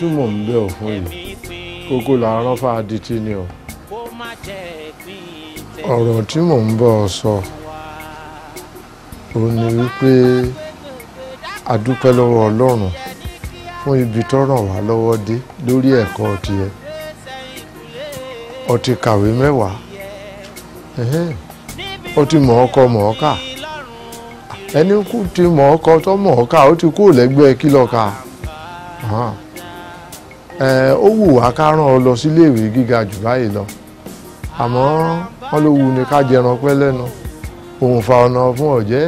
tí mò ń bẹ̀ ọ́ fún yìí kókó làárọ̀ fáadití ni o ọ̀rọ̀ tí mò ń bọ̀ ọ́ sọ ò ní wípé a dúpẹ́ lọ́wọ́ Ọlọ́run fún ibi tó ràn wá lọ́wọ́ dé lórí ẹ̀kọ́ tiẹ̀ o ti kàwé mẹ́wàá o ti mọ̀ ẹni kú ti mọ̀ tó mọ̀ ó ti kú lẹ́gbẹ́ kí lọ́ọ́ ó wù wá ká rán ọ lọ síléèwé gíga jù báyìí lọ àmọ́ wọ́n ló wù ní ká jẹran pẹ́ lẹ́nu òun fa ọ̀nà fún ọ̀jẹ́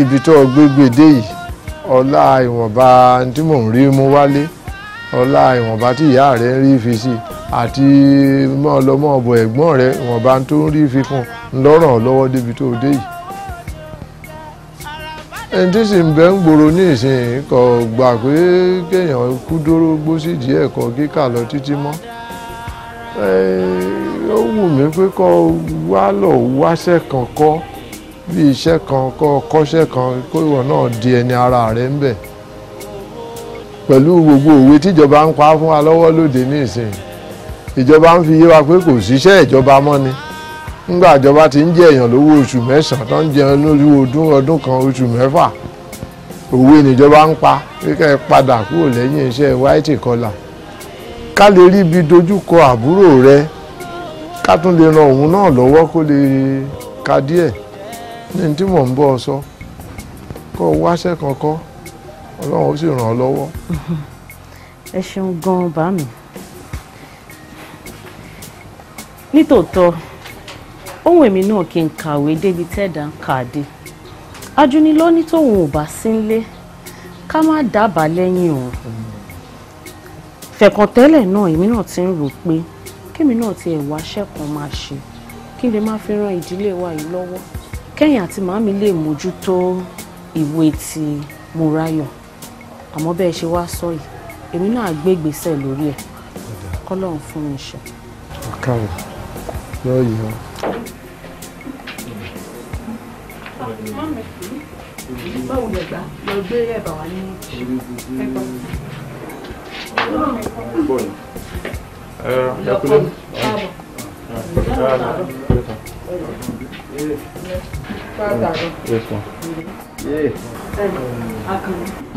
ibi tó gbégbé dé yìí ọlá ìwọ̀nba tí mò ń rí mú wálé ọlá ìwọ̀nba tí ìyá rẹ̀ ń rí fi sí àti mọ́ ọlọ́mọ ọ̀bọ̀ ẹ̀gbọ́n rẹ̀ ìwọ̀nba tó ń rí fi kún ńlọ́rọ̀ lọ́wọ́ débi tó dé yìí ẹni tí sì ń bẹ ń gbòòrò ní ìsìn kò gbà pé kéèyàn kú dóró gbósì díẹ̀ kọ kíkà lọ títí mọ́ ó wù mí pé kó wá lọ wáṣẹ́ kan kọ́ bí iṣẹ́ kan kọ́ kọ́ṣẹ́ kan kó ìwọ náà di ẹni ara rẹ̀ ń bẹ pẹ̀lú gbogbo òwe tíjọba ń pa fún wa lọ́wọ́ lóde ní ìsìn ìjọba ń fi yé wa pé kò síṣẹ́ ìjọba mọ́ ni ńgbà ìjọba ti ń jẹ èèyàn lówó oṣù mẹ́sàn-án tó ń jẹun lórí ọdún ọdún kan oṣù mẹ́fà òwe níjọba ń pa kíkẹ́ padà kúrò lẹ́yìn iṣẹ́ white collar ká lè rí ibi dojúkọ àbúrò rẹ ká tún lè ran òun náà lọ́wọ́ kó lè ka díẹ̀ ní tí mò ń bọ́ ọ sọ kó o wáṣẹ́ kankan ọlọ́run ó sì ràn ọ́ lọ́wọ́. ẹ ṣeun gan-an bá mi nítòótọ́ ohun èmi náà kí n kàwé débi tẹ́ẹ̀dá ń kà á dé ajunilọ́ní tóun ò bá sí nílé ká má dábàá lẹ́yìn òun fẹ̀kàntẹ́lẹ̀ náà èmi náà ti ń rò pé kémi náà ti ẹ̀wà ṣẹ́kan máa ṣe kí n lè má fi ran ìdílé wa yìí lọ́wọ́ kẹ́yìn àti màámi lè mójútó ìwé ti Mùráyọ̀ àmọ́ bẹ́ẹ̀ ṣe wá sọ yìí èmi náà gbé lórí ẹ̀ kọ́lọ́run fún mi ṣe. ọ̀kàrẹ̀ yóò yọ. báwo lè gbà lọ gbé ẹ̀bà wá ní ẹ̀kọ́. bọ́ọ̀lù yakulẹ̀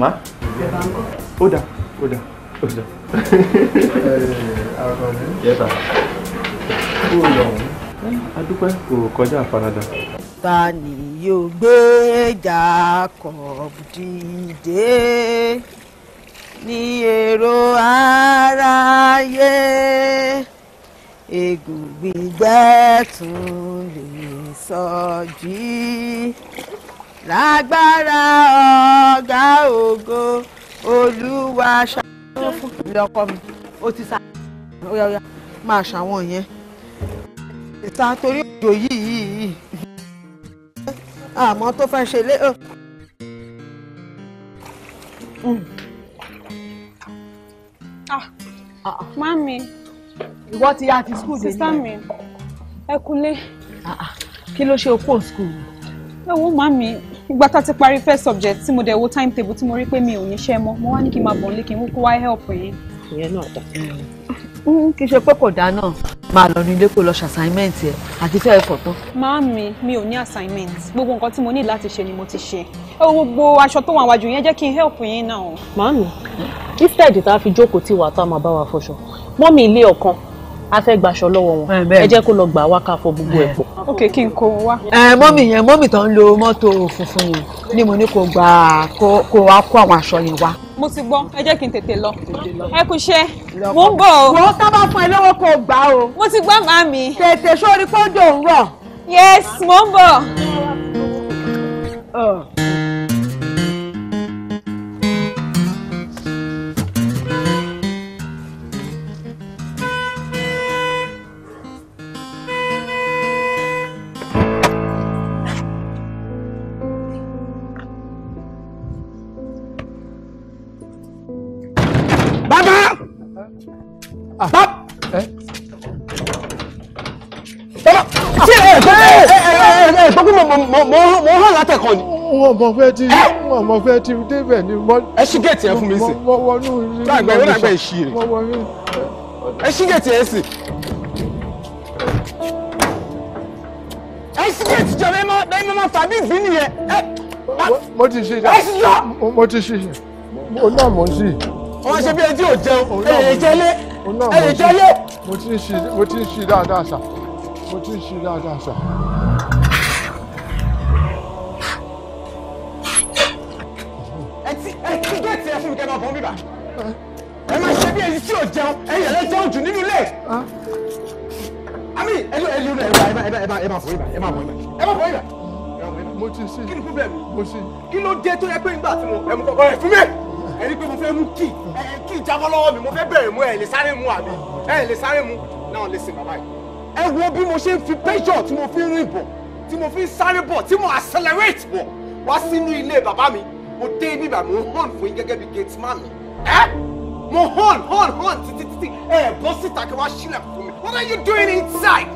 ma ó dà ó dà ó dà. bó o lọ ọ̀hún. a dúpẹ́ kò kọjá àfaradà. ta ni yóò gbé Jacob dìde ní èrò aráyé egun gbígbẹ́ tún lè sọjí lágbára ọ̀gá ògo olúwa ṣàlọ́ fún ilé ọkọ mi máa ṣàwọn yẹn ìta torí òjò yìí àmọ́ tó fẹ́ ṣe lé. Mm. Ah, ah, ah. Mami. Ìwọ ti yá ti skul dé ní. Sísá mi, ẹ kúnlé. Kí ló ṣe okó skul? Ẹ wo màmí, ìgbà tá a ti parí first subject tí mo dẹ̀ wo timetable tí mo rí pé mi ò níṣẹ́ mọ́, mo wá ní kí n máa bọ̀ nílé kí n kó wá help yín. Ìyẹn náà dá. Mm, kì í ṣe pé kò dáa náà máa lọ ní ilé kó lọ ṣe assignment ẹ àti fẹ́ẹ́ fọ̀ tán. Màámi mi ò ní assignment gbogbo nǹkan tí mo ní láti ṣe ni mo ti ṣe ẹ wo gbogbo aṣọ tó wà wájú yẹn jẹ́ kí n help yín náà. Màámi instead tá a fi jókòó tí wàá tá a máa bá wa fọṣọ mọ́mì ilé ọ̀kan a fẹ́ gbaṣọ lọ́wọ́ wọn ẹ jẹ́ kó lọ gbà wá ká fọ gbogbo ẹ̀ pọ̀. ok kí n kó wá. ẹ mọ́mì yẹn mọ́mì tó ń lo mọ́tò funfun yẹn ni mo ní kó gbà kó wá kó àwọn aṣọ yẹn wá mo ti gbọ́ ẹ jẹ́ kí n tètè lọ ẹ kú iṣẹ́ mo ń bọ̀ o. wọ́n sábà fún ẹ lọ́wọ́ kó gbà o. mo ti gbọ́ màá mi. tètè sórí kóńdò ń rọ̀. yes mo ń bọ̀. mo hàn látẹ̀kọ́ ni. wọn mọ fẹ́ ti wọn mọ fẹ́ ti débẹ̀ ni. ẹ ṣí gẹ̀ẹ́tì ẹ fún mi sí. mo wọnú ilé ìwé ìṣe wọn àgbẹ̀ ìṣí rẹ̀. ẹ ṣí gẹ̀ẹ́tì ẹ sì. ẹ ṣí gẹ̀ẹ́tì jọ lẹ́mọ lẹ́mọ máa fà bí ìbí nìyẹn. mo ti ṣe ṣe mo ti ṣe ṣe mo náà mo ń ṣe wọ́n ṣe bí ẹni tí ò jẹun ẹ lè jẹlé ẹ lè jẹlé. mo ti ń ṣe mo ti ń ṣe dáadáa sà mo ti ń ṣe dáadáa sà. ẹ ti ẹ ti gẹ̀ẹ́tì ẹ fún mi kẹ́ ẹ máa bọ̀ bíbà ẹ máa ṣe bí ẹni tí ò jẹun ẹ yẹ̀ jẹun jù nínú ilé. ami ẹ ló ẹ ló ẹ máa ẹ máa ẹ máa ẹ máa fọ ibà ẹ máa fọ ibà ẹ máa fọ ibà. mo ti ṣe kí ni problem mo ṣe kí ló dé tó yẹ pé ń gbà tí mo ẹ mú kọ́kọ́ rẹ̀ fún mi ẹni pé mo fẹ́ mú kí kí ìjábọ́ lọ́wọ́ mi mo fẹ́ bẹ̀rẹ̀ mú ẹ̀ lè sáré mu àbí ẹ̀ lè sáré mu náà lè sìn bàbá yìí. ẹ wo bí mo ṣe ń fi pressure tí mo fi ń rìn bọ̀ tí mo fi ń sáré bọ̀ tí mo accelerate bọ̀ wá sínú ilé bàbá mi mo dé ibi ìbà mo hàn fún yín gẹ́gẹ́ bí gate man mi ẹ́ mo hàn hàn hàn títí títí ẹ̀ bọ́ síta kí wọ́n á mi What are you doing inside?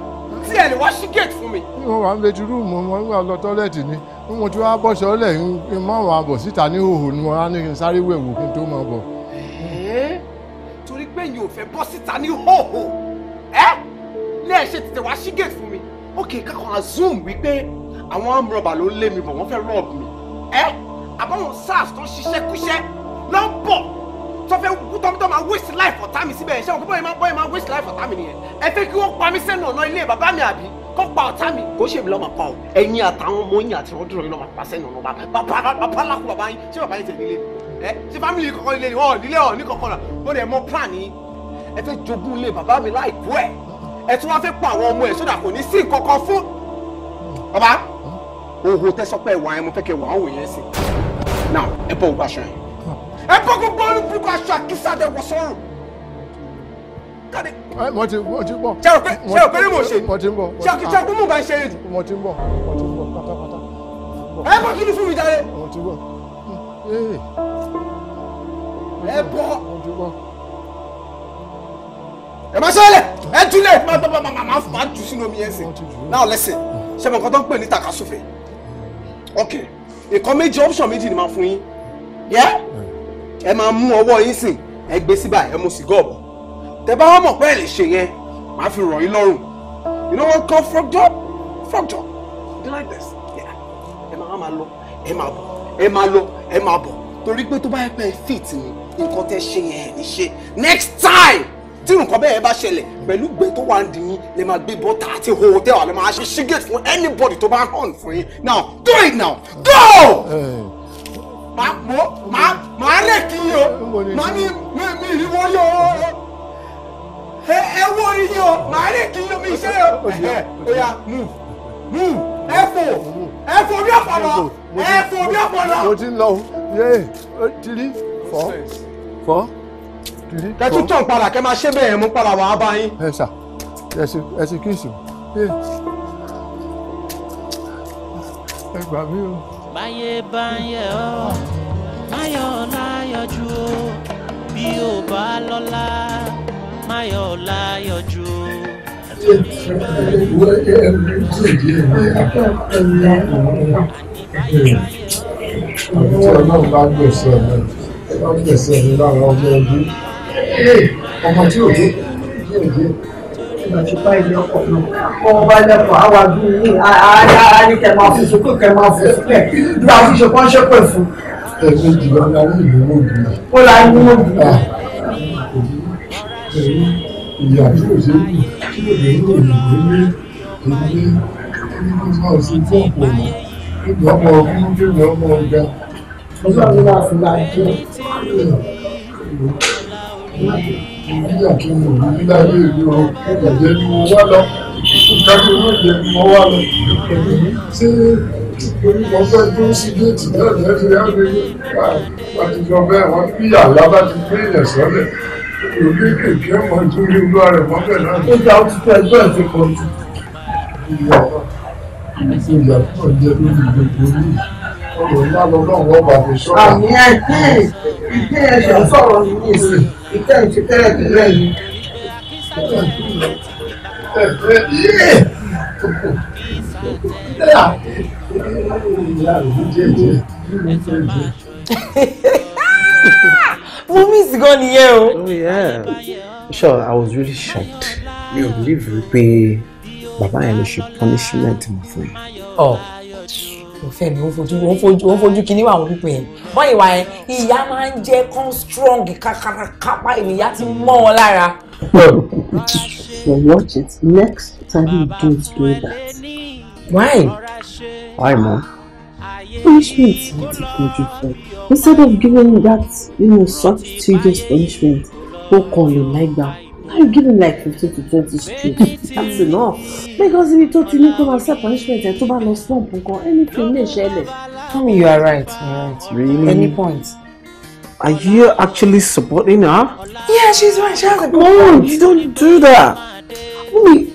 tí ẹ lè wá sí gate fún mi. mo wà ń lójú rúùmù mo wà lọ tọ́lẹ̀tì ni mo ti wá bọ́ṣọ ọlẹ̀ ń mọ àwọn àbọ̀ síta ní hòhò ni wọn á ní kí n sáré wẹ̀wò kí n tó máa bọ̀. torí pé yìí ò fẹ́ bọ́ síta ní hòhò ẹ́ ní ẹ̀ ṣe tètè wá sí gate fún mi ok kákan zoom wípé àwọn amúrọ̀bà ló lé mi bọ̀ wọ́n fẹ́ rọ́ọ̀bù mi ẹ́ àbáwọn sars tó ń ṣiṣẹ́ kúṣẹ́ ló bọ̀ tó fẹ́ tó tó máa waste life ọ̀tá time. síbẹ̀ ṣé òkú bọ́yìí máa bọ́yìí máa waste life ọ̀tá mi nìyẹn ẹ fẹ́ kí wọ́n pa mí sẹ́nu ọ̀nà ilé bàbá mi àbí kó pa ọ̀tá mi kó ṣèmi lọ́ọ́ máa pa o ẹ̀yin àtàwọn ọmọ yín àti ọdún yín lọ́ọ́ máa pa sẹ́nu ọ̀nà bàbá bàbá bàbá làkú bàbá yín ṣé bàbá yín tẹ̀ nílé ẹ ṣé fámìlì kọ̀ọ̀kan nílé ọ̀ nílé ọ̀ ní kọ̀ọ̀kan náà mo dẹ̀ mọ plan yín ẹ fẹ́ jogún ilé bàbá mi láìpẹ́ ẹ̀ ẹ tún wá fẹ́ pa àwọn ọmọ ẹ̀ sódà kò ní sí nǹkan kan fún bàbá òhò tẹ́sọ́pẹ́ wà ẹ̀ mo fẹ́ kẹ́ wà á wò yẹn sí now ẹ bọ́ ògbà aṣọ yẹn ẹ kó gbogbo olùkúlùkù aṣọ àkísà dẹ wọ sọ́rùn. wọ́n ti wọ́n ti bọ̀. ṣé o pé ṣé o pé ní mò ń ṣe. wọ́n ti ń bọ̀. ṣé akíṣe kúmù bá ń ṣe yìí. wọ́n ti ń bọ̀ wọ́n ti ń bọ̀ pátápátá. ẹ bọ́ kí ni fún mi jáde. wọ́n ti bọ̀. ẹ bọ́. wọ́n ti bọ̀ ẹ ma ṣe lẹ ẹ tún lẹ ma ma ma ma ma tu sínú omi yẹn sìn now listen ṣe mọ nǹkan tó ń pè ní takasúfè ok nǹkan méjì option méjì ni màá fún yín yẹ ẹ máa mú ọwọ́ yín sìn ẹ gbé síbà ẹ mú sìgá ọ̀bọ̀ tẹ bá wá mọ̀ pé ẹ lè ṣe yẹn màá fi ràn yín lọ́rùn you know what? call frog job frog job you like this ẹ máa máa lọ ẹ máa bọ̀ ẹ máa lọ ẹ máa bọ̀ torí pé tó bá yẹ pé ẹ fit ni nǹkan tẹ ṣe yẹn ẹ ní ṣe next time tí nǹkan bẹ́ẹ̀ bá ṣẹlẹ̀ pẹ̀lú gbé tó wà ń di yín lè máa gbé bọ́tà àti hòhò tẹ́wà lè máa ṣe ṣígẹ̀tì fún anybody tó bá hàn fún yín now do it now go. Uh, màá lè kí yín o màá mi mi mi ìrìwọ́ yín o ẹ wọ́ orí o màá lè kí yín o mi ṣe o ẹ̀yà move move ẹ fò ẹ fò bí ọ̀pọ̀lọ ẹ fò bí ọ̀pọ̀lọ. mo ti lọ yé tiri fọ fọ tiri fọ. kẹtù tán padà kẹ máa ṣe bẹ́ẹ̀ mú padà wàá bá yín. ẹ sà ẹ sì kí ìsìn ẹ gbà mí o báyé bá ń yẹ ọ́ máyọ̀ láyọ̀jú o bí o bá lọ́lá máyọ̀ láyọ̀jú o. Àwọn tí ọlọ́run bá gbèsè ọ̀nà ẹ̀ bá gbèsè ọ̀nà lára ọmọ ẹbí. tí òde tí ìgbàjúpá ilé ọkọ̀ náà kọ́ ọba ẹlẹ́kọ̀ọ́ àwàdú ní àárín kẹ máa fún sókè kẹ máa fún sókè nígbà fún ṣe kọ́ ń ṣépè fún. ẹ̀sìn jùlọ la ní ìlú òbí. ó la ní òbí. ìyá tí ṣe é kù tí kò lè ní òyìnbó ní èyí ní kí wọ́n ṣe fún ọ̀pọ̀ ọ̀nà níbi ọmọ ọdún níbi ọmọ ọ̀gá. ọlọ́run fi máa jẹ́. Thank nígbà tí mo nílá ilé ìlú ọ ẹ̀jẹ̀ ni mo wá lọ ìdájọ́ náà jẹ́ ni mo wá lọ ṣé orúkọ fẹ́ tó sí géètì náà jẹ́ ti ráńdé àtijọ́ bẹ́ẹ̀ wọ́n bí àlá bá ti gbé èèyàn sọ́lẹ̀ òní kéèké ọmọ tó rí olú ara ẹ̀mọ́ bẹ́ẹ̀ náà. ó dá òtútù ẹgbẹ́ ẹ̀ ti jù. ìyá ìfẹ́ ìyá púpọ̀ sọ̀rọ̀. àmì ẹgbẹ́ ẹgbẹ́ ẹ̀ṣọ́ sọ̀rọ̀ nínú ìsìn ìtẹ́ ìṣẹ́tẹ́rẹ́ ìbílẹ̀ yìí mo miss gan nìyẹn oh, sure i was really shocked mi ò believe pé bàbá yẹn ló ṣe punishment for you. Oh ọ̀fẹ́ mi òun fojú òun fojú fojú kí níwà àwọn pípé yẹn wọ́n ìwà yẹn ìyá máa ń jẹ́ kán strong kákákápá ìyá ti mọ́ wọn lára. so watch it next time you don't do that. why. why mom. punishment na ti kojú fún instead of giving that you know, soft serious punishment ó kàn lè láìgbà. Like Why are you giving like fifteen to twenty straight? That's enough. Because if you talk to me, come and set punishment and toba no slump nkan anything may ṣẹlẹ̀. Tell me you are right. You are right. Really? Any point. Are you actually supporting her? Yeah, she's right. She has a good no, you don't do that. Mommy,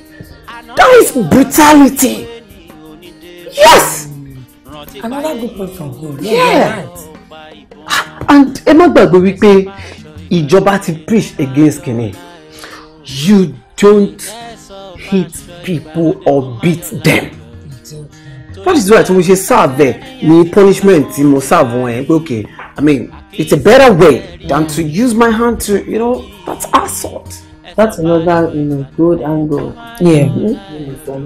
that is brutality. Yes! Another good point from him. Yeah. yeah. Right. Ah, and ẹ má gbàgbé wípé ìjọba ti preach against kìnìún. You don't hit people or beat them. What is why tí mo ṣe serve the punishment You must serve one. okay I mean it's a better way than to use my hand to you know that's assault that's another you know good angle. yeah. ọmọ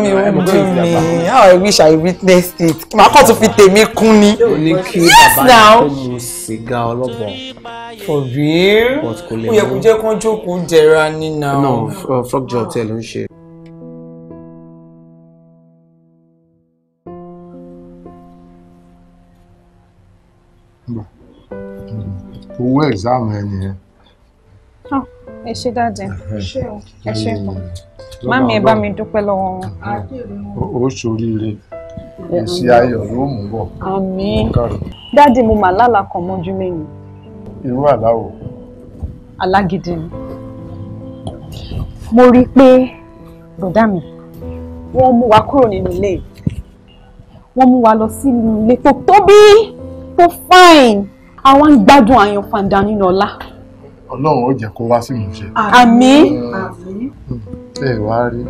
mi ò gbé mi how i wish i witnessed it My kàn tún fi tèmi kún ni. o for real ó yẹ kó jẹ́ kó jókòó jẹra nínú. no frog jaw tẹ̀ ló ń owó ẹ̀sáàmù ẹ nìyẹn. Ah, ẹ ṣe dáadé ẹ ṣe pọ mami ẹ bá mi dúpẹ́ lọ́wọ́ wọn. ó ṣoríire èsì ayọ̀ yóò mú bọ̀. àmín dáàdì mo mà lálà kan mọ́jú mẹ́yìn. irú àlá o. àlá gidi ni mo rí i pé bọ̀dá mi wọ́n mú wa kúrò nínú ilé wọ́n mú wa lọ sí ilé tó tóbi tó fine àwa ń gbádùn àyàn fàǹdà nínú ọlá. ọlọ́run ó jẹ́ kó wá sí ìmúṣẹ. àmín. ẹ wá rí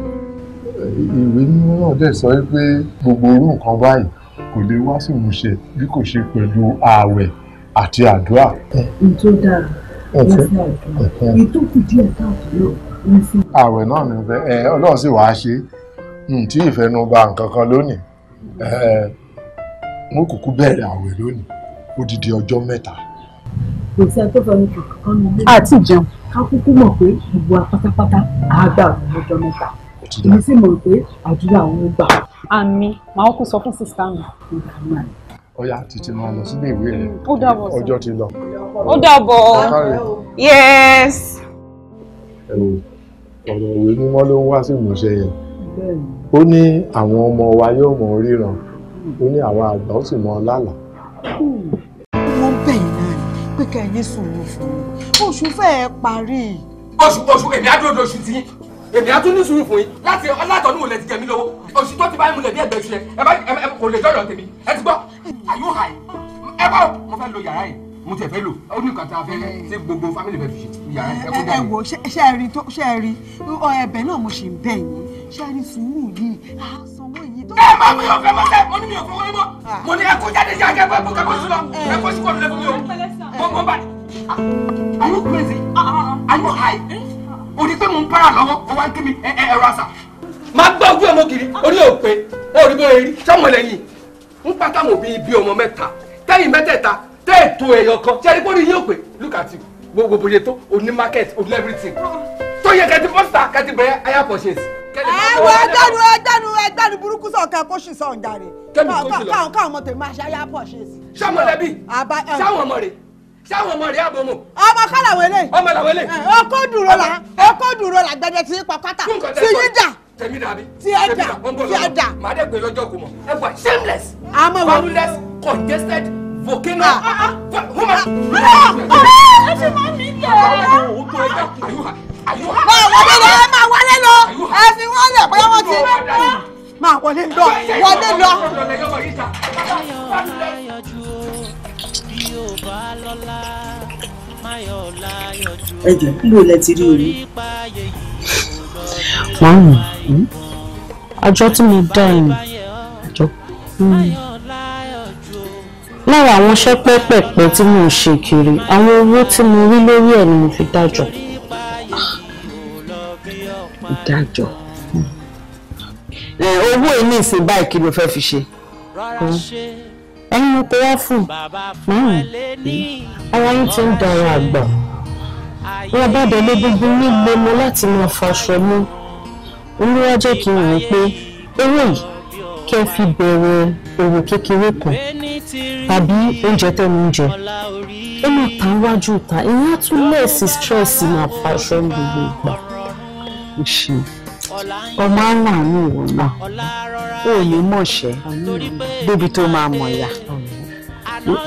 ìwé mímọ́ náà dẹ̀ sọ pé gbogbo irú nǹkan báyìí kò lè wá sí ìmúṣẹ bí kò ṣe pẹ̀lú ààwẹ̀ àti àdúrà. n tó dára lọ́sẹ̀ àdúrà ìtòkù díẹ̀ káàkiri ààwẹ̀ náà ni ọlọ́run sì wàá ṣe tí ìfẹnubà nǹkan kan lónìí mo kúkú bẹ̀rẹ̀ ààwẹ̀ lónìí odidi ọjọ́ mẹ́ta. kò sí ẹni tó fẹnu kù kán ní ilé. àti ìjẹun ká kúkú mọ̀ pé ìwà pátápátá á gbà wọ́n lọ́jọ́ mẹ́ta èmi sì mọ̀ pé àdúrà òun gbà. àmì màá kú sọ fún sísá mi. ọ̀yá títí máa lọ sílé ìwé rẹ ọjọ́ ti lọ. ó dàbọ̀ yes. ọ̀rọ̀ òwe mímọ́ ló ń wá sí ìmúṣẹ yẹn ó ní àwọn ọmọ wa yóò mọ oríran ó ní àwọn àgbà ó sì mọ lálàá. Hmm pé kẹ́ ẹ ní sùúrù fún mi oṣù fẹ́ẹ́ parí. oṣù oṣù èmi á dúró oṣù tí èmi á tún ní sùúrù fún yín láti látọ̀dún wò lẹ ti jẹ mí lówó oṣù tó ti bá múlẹ̀ bí ẹgbẹ́ ṣe ẹ bá kò lè dọ́dọ̀ tèmi ẹ ti gbọ́ àyù hà ẹ bá mo fẹ́ lo yàrá yìí mo tẹ̀ fẹ́ lò ó ní nǹkan tá a fẹ́ ṣe gbogbo family fẹ́ fi ṣe yàrá ẹ kó ẹ wo ṣe ẹ rí ṣe ẹ rí ẹ̀bẹ̀ náà mo ṣì ń bẹ̀ ṣe ẹ rí sùúrù yìí tó. ẹ má mi ò fẹ́ mọ́ sẹ́ mo ní mi ò fún wọlé mọ́ ah. mo ní ẹkú jáde sí akẹ́kọ̀ọ́ ẹkú kẹ́kọ̀ọ́ sí lọ eh. ẹkú sí kọ́ọ̀lù lẹ́kọ̀ọ́ mi ò mo mo bá ní. Ah, are you crazy ah, are you high eh? o ní pé mo ń para lọ́wọ́ o wá ń kí mi ẹ̀rọ àṣà. máa gbọ́ ojú ọmọ kiri orí òpè ẹ ò rí bó eri sọ́mọ lẹ́yìn ń pátá mo bí ibi ọmọ mẹ́ta tẹ́yìn mẹ́tẹ̀ẹ̀ta tẹ́ẹ̀tò ẹ̀yọ̀ kan ṣe é rí pé ó ní yóò pé look at you gbogbo bóyá tó oní market oní everything tó yẹ kẹ́tì pọ́sítà kẹ́tì bẹ̀rẹ̀ higher purchase ẹ wo ẹgbẹ́nu ẹgbẹ́nu ẹgbẹ́nu burúkú sọ̀kan kó sì sọ̀ ń darí káwọn káwọn ọmọ tèmi aṣáyá pọ̀ ṣe sí. sọmọlẹbi sáwọn ọmọ rẹ sáwọn ọmọ rẹ àbọ̀ mọ̀. ọmọ kọ́lá wẹlé ọmọ là wẹlé. ọkọ dúró la ọkọ dúró la gbẹdẹ ti pa pátá ti yín jà tẹmí dàbí ti ẹ jà ti ẹ jà. màá dẹ gbé lọ́jọ́ kò mọ̀ ẹ wà shameless valueless congested volcano human. ọ̀rẹ́ ẹ ti máa mi jẹ́. báwo ni ẹ fi wọ́n lẹ̀ bóyá wọ́n ti máa wọlé lọ wọlé lọ. ẹ jẹ́ níbo lẹ ti rí orí. márùn-ún àjọ hmm? tí mo dá ẹ̀ àjọ hmm. lára àwọn iṣẹ́ pẹ́pẹ̀pẹ́ tí mo ń ṣe kiri àwọn owó tí mo rí lórí ẹ̀ ni mo fi dájọ́. Ah ìdájọ́ owó ilé ìsìn báyìí kí ló fẹ́ fi ṣe ẹ̀yin tó wá fún ara yín ti ń dara àgbà wọn bá délé gbogbo nílé mo láti máa faṣọ mú olúwa jẹ́ kí n rò pé owó yìí kẹ́ fi bẹ̀rẹ̀ òwò kékeré kan tàbí oúnjẹ tẹ́nu oúnjẹ ó máa ta wájú ta ìyẹn á tún lẹ́ẹ̀sì stress máa faṣọ gbogbo ìgbà ṣe ọmọ aláàánú ìwọ náà ò ní mọ̀ṣẹ́ débi tó máa mọ̀ yá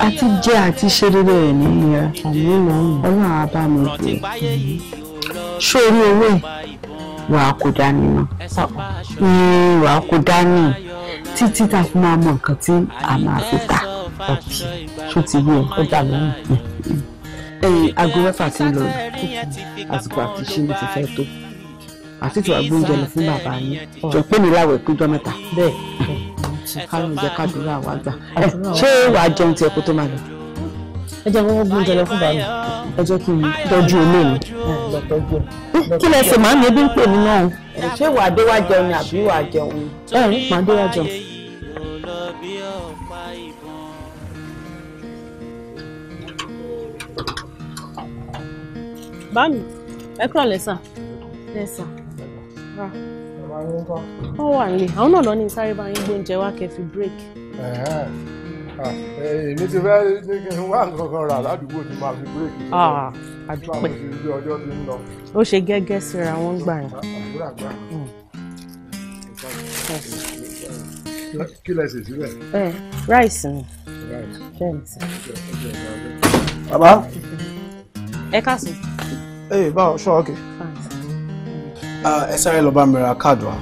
àti jẹ́ àti ṣe rere rẹ̀ nìyẹn ọlọ́run á bá mi gbé sórí owó ẹ̀ wà á kó dání náà wà á kó dání títí tá a fi máa mọ nǹkan tí a máa fi ta ṣó ti yé ọ dà lọ́nà ẹ̀yìn aago mẹ́fà ti ń lọ àsìkò àti ṣíní ti fẹ́ tó àti tí wàá gbóúnjẹ lọ fún bàbá yín jọ pé mi láwẹ̀ péjọ mẹ́ta. bẹ́ẹ̀ kárùn jẹ kádùúrà wá gbà ṣé wàá jẹun tiẹ̀ kó tó máa lọ. ẹ jẹ́ wọ́n gbóúnjẹ lọ fún bàbá ẹ jẹ́ kí n tọ́jú ilé mi. kí lẹ ṣe màá mi ebi ń pè mí náà. ṣé wàá dé wá jẹun ni àbí wàá jẹun ni. ẹ ẹ dé wá jẹun. báàmì ẹ kúrò lẹ́sàn lẹ́sàn wọ́n wà nílé àwọn náà lọ ní sáré bá yín gbóúnjẹ wá kẹ́ break. èmi ti fẹ́ ní kí n wá nǹkan kan rà ládùúgbò tí màá fi break. àdúpẹ́ ó ṣe gẹ́gẹ́ síra wọ́n gbà yín. Hmm. kí lẹ ṣe sílẹ̀. rice ni baba. ẹ káàsán. ee báwo ṣọ́ ọ̀kẹ́. Ah, ẹ sáré lọ bá mi ra káàdù wa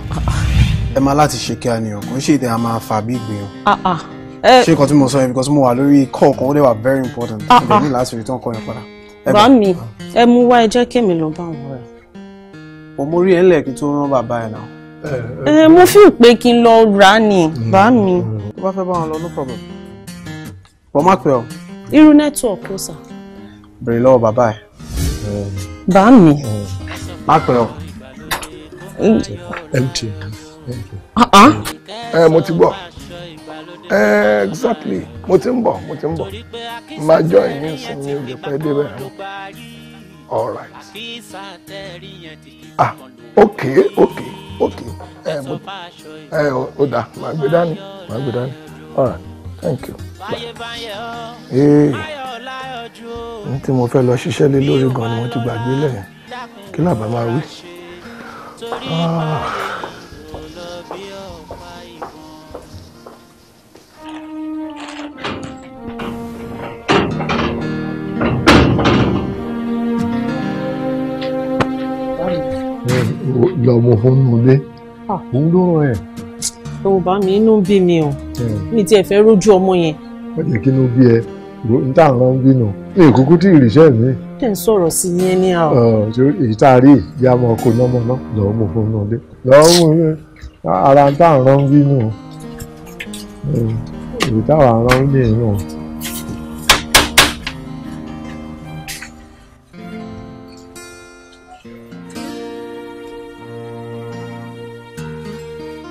ẹ máa láti ṣe kí a ní ọkàn ṣe ìdẹ a máa fà bí ìgbìyàn ah, ah. ṣé eh. nǹkan tí mo sọ yẹn because mo wà lórí call kan ó dẹ̀ wà very important ibẹ̀ ní láti return call yẹn padà. bá mi ẹ mú wá ẹ jẹ́ kémi lọ bá wọn rẹ̀. mo rí ẹ lẹ́ẹ̀kí tó rán bàbá ẹ̀ náà ẹ eh, eh, mo fi pé kí n lọ rà á ni bá mm. mi. tó bá fẹ́ bá wọn lọ no problem. bọ́ má pẹ́ o. irú nẹ́tíwọ̀kì ó sà. bèrè lọ́wọ́ bàbá ẹ̀. bá mi. má pẹ́ o. Empty. ẹ eh, mo ti gbọ́ eh, exactly mo ti ń bọ̀ mo ti ń bọ̀ máa jọ ìyín sí mi ò lè pẹ́ débẹ̀ ah Okay, okay, okay. ẹ eh, mo ẹ ó dà màá gbé dání màá gbé dání all thank you bye. ní tí mo fẹ́ lọ ṣiṣẹ́ lé lórí gan ni mo ti gbàgbé lẹ́yìn kí làbá máa wí. Ah. lọmọ fóònù ilé ah. òun ló ràn ẹ. tó o bá mi inú bí mi o mi tiẹ̀ fẹ́ rójú ọmọ yẹn. wọ́n jẹ́ kí inú bí ẹ n tá à bínú mi ò kúkú tí ì ríṣẹ́ mi tẹ̀ ń sọ̀rọ̀ sí yẹn ní àwọn. ìtaari ìyá ọmọ ọkọ nọmọnà lọ́ọ́ mú fún un lé lọ́ọ́ mú ara ń tà rán bí nù èyí táwa rán bí nù.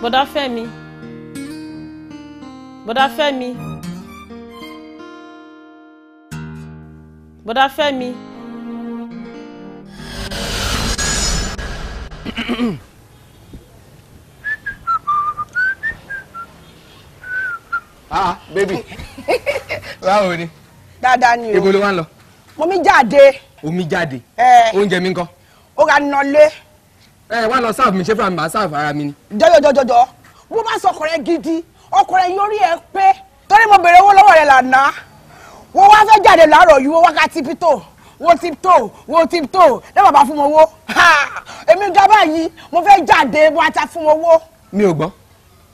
bọ́dá fẹ́mi bọ́dá fẹ́mi. Bọ́dá Fẹ́mi Ah, ah baby báwo ni. Dada ni o ibo ló wá ń lọ. Omi jáde. omi jáde. oúnjẹ mi ń kọ́. ga ra nọlé. ẹ wá lọ mi ṣé fún mi máa sáàfù ara mi ni. jọjọjọjọjọ bó bá sọ ọkọ rẹ gidi ọkọ rẹ yóò rí ẹ pé torí mo béèrè owó lọ́wọ́ rẹ lánàá Wo wá fẹ́ jáde laro yìí wọ́n wákàtí pító. wo tiptoe wo tiptoe lẹ́ bàbá fún wọn wó èmi ga báyìí mo fẹ́ jáde wọn ata fún wọn wó. mi ò gbọ́.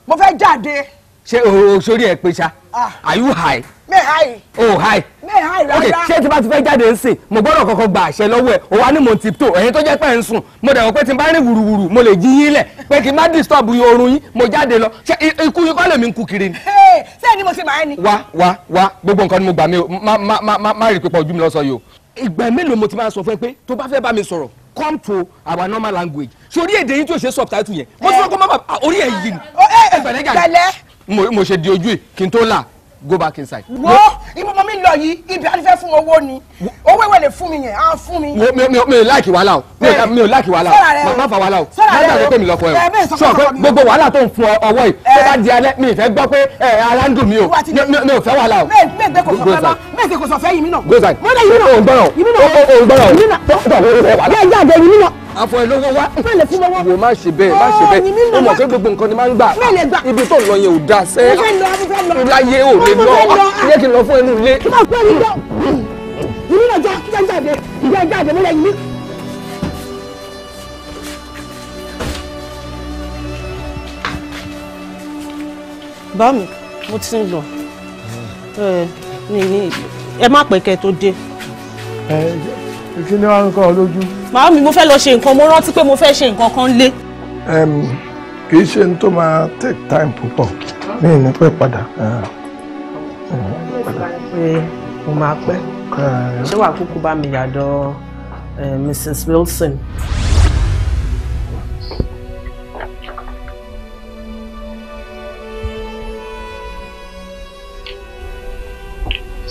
mo fẹ́ jáde. ṣé o sórí ẹ pé ṣá ah. are you high. Me high. Oh high. Me high rárá. ok ṣé tí bá ti fẹ́ jáde ń sìn mo gbọ́dọ̀ kọ́kọ́ gba àṣẹ lọ́wọ́ ẹ̀ o wa ní mo tiptoe ẹ̀yin tó jẹ́ pé ń sùn mo dẹ̀ wọ́n pé tí n bá rìn wùrùwùrù mo lè jí yín lẹ̀ pé kí n má disturb oorun yín mo jáde lọ ṣé ikú yín kọ́ lèmi ń kú kiri ni ṣé ẹni mo ṣe máa ẹni. wá wá wá gbogbo nǹkan ni mo gbà mí o má má má má rí pípa ojú mi lọ sọ yìí o ìgbà mélòó mo ti máa sọ fún ẹ pé tó bá fẹ́ bá mi sọ̀rọ̀ come to our normal language sórí èdè yín tí o ṣe subtitle yẹn mo ti fẹ́ kó má bàa orí ẹ̀ yìí ni. ẹ ẹ pẹ̀lẹ́ mo ṣe di ojú ẹ kí n tó là go back inside. wo ibi mo mi lọ yìí ibi a ti fẹ́ fún owó ni owó ìwé lè fún mi yẹn á fún mi. mi mi mi ò láìkì wàhálà o mi ò láìkì wàhálà o má fa wàhálà o má gbàgbé pé mi lọkọ ẹ o sọ pé gbogbo wàhálà tó ń fún ọwọ́ yìí tó bá di alẹ́ mi ì fẹ́ gbọ́ pé ẹ ara ń dùn mí o mi ò fẹ́ wàhálà o. mẹ́ẹ̀gbẹ́ kò sọ fẹ́ bá mẹ́ẹ̀gbẹ́ kò sọ fẹ́ yìí mí náà. go inside o ò ń gbọ́ràn o ò ń gbọ́ràn o tó ń tọ̀ afọ ẹ lọ́wọ́ wá. ìfẹ́ lè fún lọ́wọ́. wò má ṣe bẹ́ẹ̀ má ṣe bẹ́ẹ̀ o mọ̀ pé gbogbo nǹkan ni máa ń gbà. ìfẹ́ lè gbà. ibi tó lọ yẹn ò da sẹ́. mo fẹ́ lọ mo fẹ́ lọ. láyé ò lè lọ ilé kí n lọ fún ẹnu ilé. kí máa pẹ́ mi lọ. ìlú náà já já jáde já jáde mọ́lẹ̀ yìí. bámi mo ti ń lọ hmm. ẹ ní ẹ má pẹ́ kẹ́ tó dé kí ni ń kọ́ ọ lójú. màámi mo fẹ́ lọ ṣe nǹkan mo rántí pé mo fẹ́ ṣe nǹkan kan lé. kì í ṣe ní tó máa take time púpọ̀ mi ah. ní pẹ́ padà. mo máa pẹ́ ah. ṣé wàá kúkú bá mi yàdọ̀ eh, Mrs. Wilson.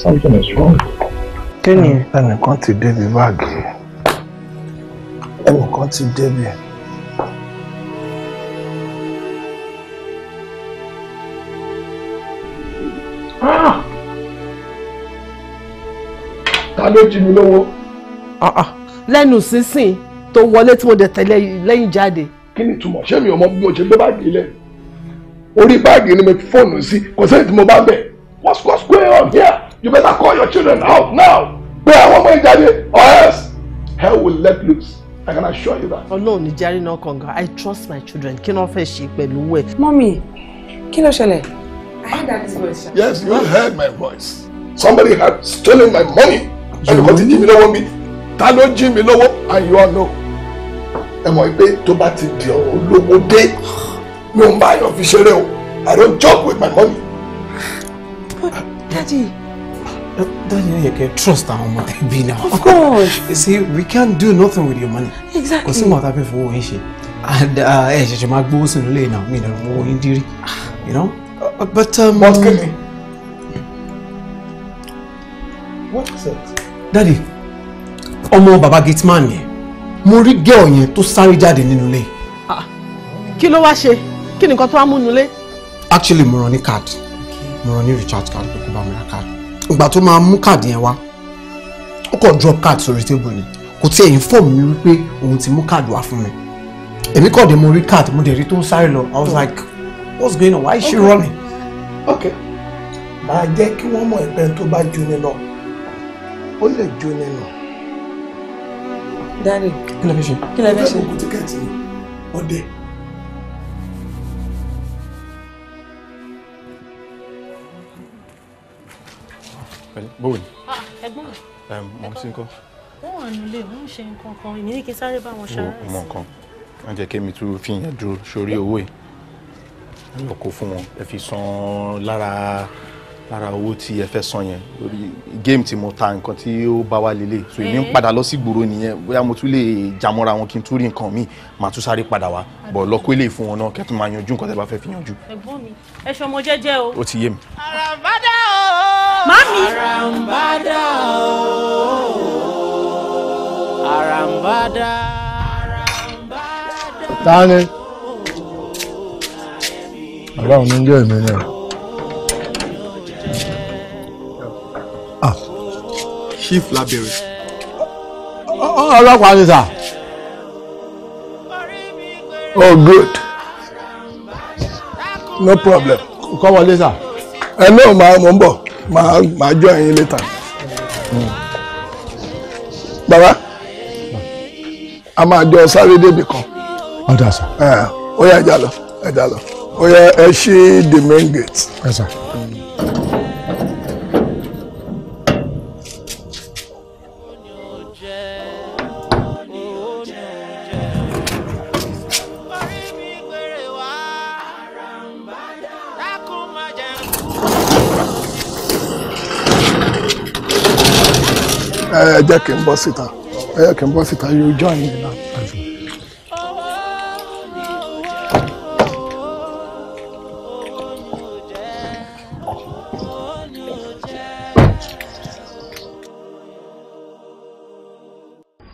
Something is wrong kí ni ẹnìkan ti débi báàgì ẹnìkan ti débi. Ah! ta ló jí mi lówó. Ah, ah. lẹ́nu sísìn tó wọlé tí mo dẹ̀ tẹ̀lé lẹ́yìn jáde. kí ni ìtumọ̀ ṣé mi ò mọ bí mo ṣe gbé báàgì ilẹ̀ orí báàgì ni mo fi fóònù sí kò sẹ́yìn tí mo bá bẹ̀ what's going on here you better call your children out now pé àwọn ọmọ ìjáde or else hell will let loose I can assure you that. Ọlọ́run ní jàre náà kànga I trust my children kí wọ́n fẹ́ ṣe pẹ̀lú ẹ̀. Mọ́mí, kí ló ṣẹlẹ̀? I heard that voice. Yes, you heard my voice. Somebody had stolen my money. Ẹnìkan ti jí mi lọ́wọ́ mi. Ta ló jí mi lọ́wọ́? And you all know. Ẹ mọ̀ pé tó bá ti di ọ̀rọ̀ olówó dé, mi ò máa yàn fi ṣeré o. I don't joke with my money. But daddy. Uh, Daniel, you can trust our money now. Of course. you see, we can't do nothing with your money. Exactly. Because some other people for Wenshi. And uh, eh, she might go soon lay now. We don't know injury. You know. Uh, but um. What can we? What is it? Daddy, ọmọ baba gateman money. mo rí girl yẹn tó sáré jáde nínú ilé. Ah, kí ló wá ṣe actually mo rán ní card mo rán ní recharge card pé kó card ìgbà tó máa mú káàdì yẹn wá ó kàn drop card sórí table ni kò tí ẹ̀ inform mi wípé òun ti mú card wá fún mi èmi kàn dé mo rí card mo dẹ̀ rí tó ń sáré lọ i was oh. like what's going on why is she running. ok máa jẹ́ kí wọ́n mọ ẹ̀gbẹ́ tó bá jó ni lọ ó lè jó ni nù. dáre kí lè fẹ́ ṣe. kí lè fẹ́ ṣe. ó fẹ́ tíkẹ́ẹ̀tì ọdẹ. pẹ̀lú bóun. Ah, ẹ̀gbọ́n mi. mọ sí nǹkan. wọn wà nílé wọn ń ṣe nǹkan kan èmi ní kí sáré bá wọn ṣàárẹ̀ sí. mọ nǹkan wọn jẹ kémi tún fi yẹn dúró sórí owó yìí wọn lọ kó fún wọn ẹ fi san lára lára owó tí ẹ fẹ́ san yẹn lórí géèmù tí mo ta nǹkan tí ó bá wá lélẹ̀ so èmi ń eh? padà lọ sí gbòòrò nìyẹn bóyá mo tún lè jamọ́ra wọn kí n tún rí nǹkan míì màá tún sáré padà wá bọ̀ lọ́kọ́ ilé fún wọn náà kẹ́tù yanjú nǹkan tẹ́ bá fẹ́ fi yanjú. ẹ̀gbọ́n mi ẹ ṣọmọ jẹ́jẹ́ o. ó ti yé mi. ara o. mami. ara ń bá dá o. ara ń jẹ́ ìmí chief labere. ọlọ́pàá ni sà. oh good no problem. Come on, sà. I know my mọ̀ My my join máa jọ ẹ̀yin létà. bàbá a máa Saturday become. débi kan. ọ̀dà sà. ó yá ẹja lọ ẹja the main gate. ẹ sà. Mm. jẹ́ kí n bọ́ síta bẹ́ẹ̀ kí n bọ́ síta yóò join me now.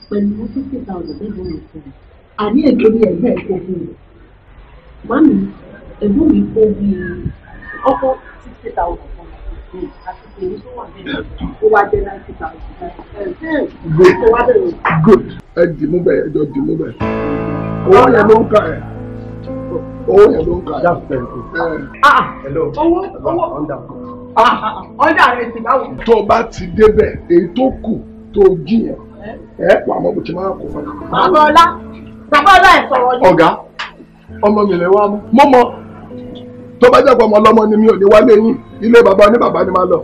pẹ̀lú fifty thousand ẹ̀gbọ́n mi fún mi àní ègbóni ẹ̀gbẹ́ kó bí mi mami ẹ̀gbọ́n mi kó bí ọkọ sixty thousand days àti good ẹ dì tó bá ti débẹ̀ èyí tó kù tó o ẹ wà mọ́ bó ti máa kó fún ẹ. bàbá ọlá bàbá ọlá ẹ sọ̀rọ̀ yìí. ọ̀gá ọmọ mi lè wá mú mọ́ mọ́ tó bá jẹ́ pé ọmọ ọlọ́mọ ni mi ò ní wálé yín ilé bàbá ní bàbá ni máa lọ.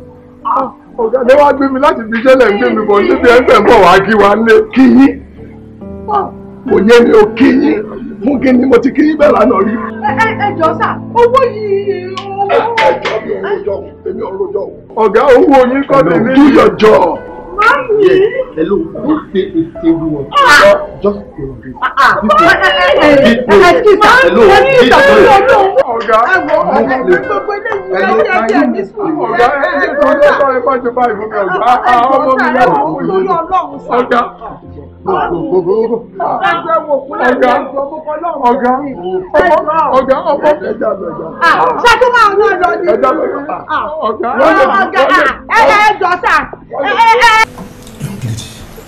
Ah, ọ̀gá ni wàá gbé mi láti fi ṣẹlẹ̀ ń gbé mi bọ̀ síbi ẹgbẹ́ bọ̀ wá kí wá lé kí yín ah. kò yé mi ò kí yín fún kí ni mo ti kí yín bẹ́ẹ̀ lánàá rí. ẹ ẹ jọ sà owó yìí owó. ẹ ẹ jọ mi ò rojọ́ èmi ò rojọ́. ọ̀gá owó yín kọ́ mi ní. do your job. Mommy. hello. Don't say a single one. Ah. Just a bit. Ah, ah. Excuse me. Hello. Excuse me. Hello. Ọ̀gá. Hello. My name is Ọ̀gá. Ẹ̀jẹ̀ tó ń bá ẹ̀fọ́ ìjọba ìfúnmi ọ̀gá. Ọmọ mi yà wọ́n. Ọ̀gá ẹgbẹ́ wo kúlẹ̀ ẹgbẹ́ ọmọ kan náà ọ̀gá ọmọ ọ̀gá ọmọ ẹja lọ́jà. ṣáàtú máa ń lọ ní ẹja lọ́jà. ọ̀gá ọ̀gá ẹ̀yà ẹjọ́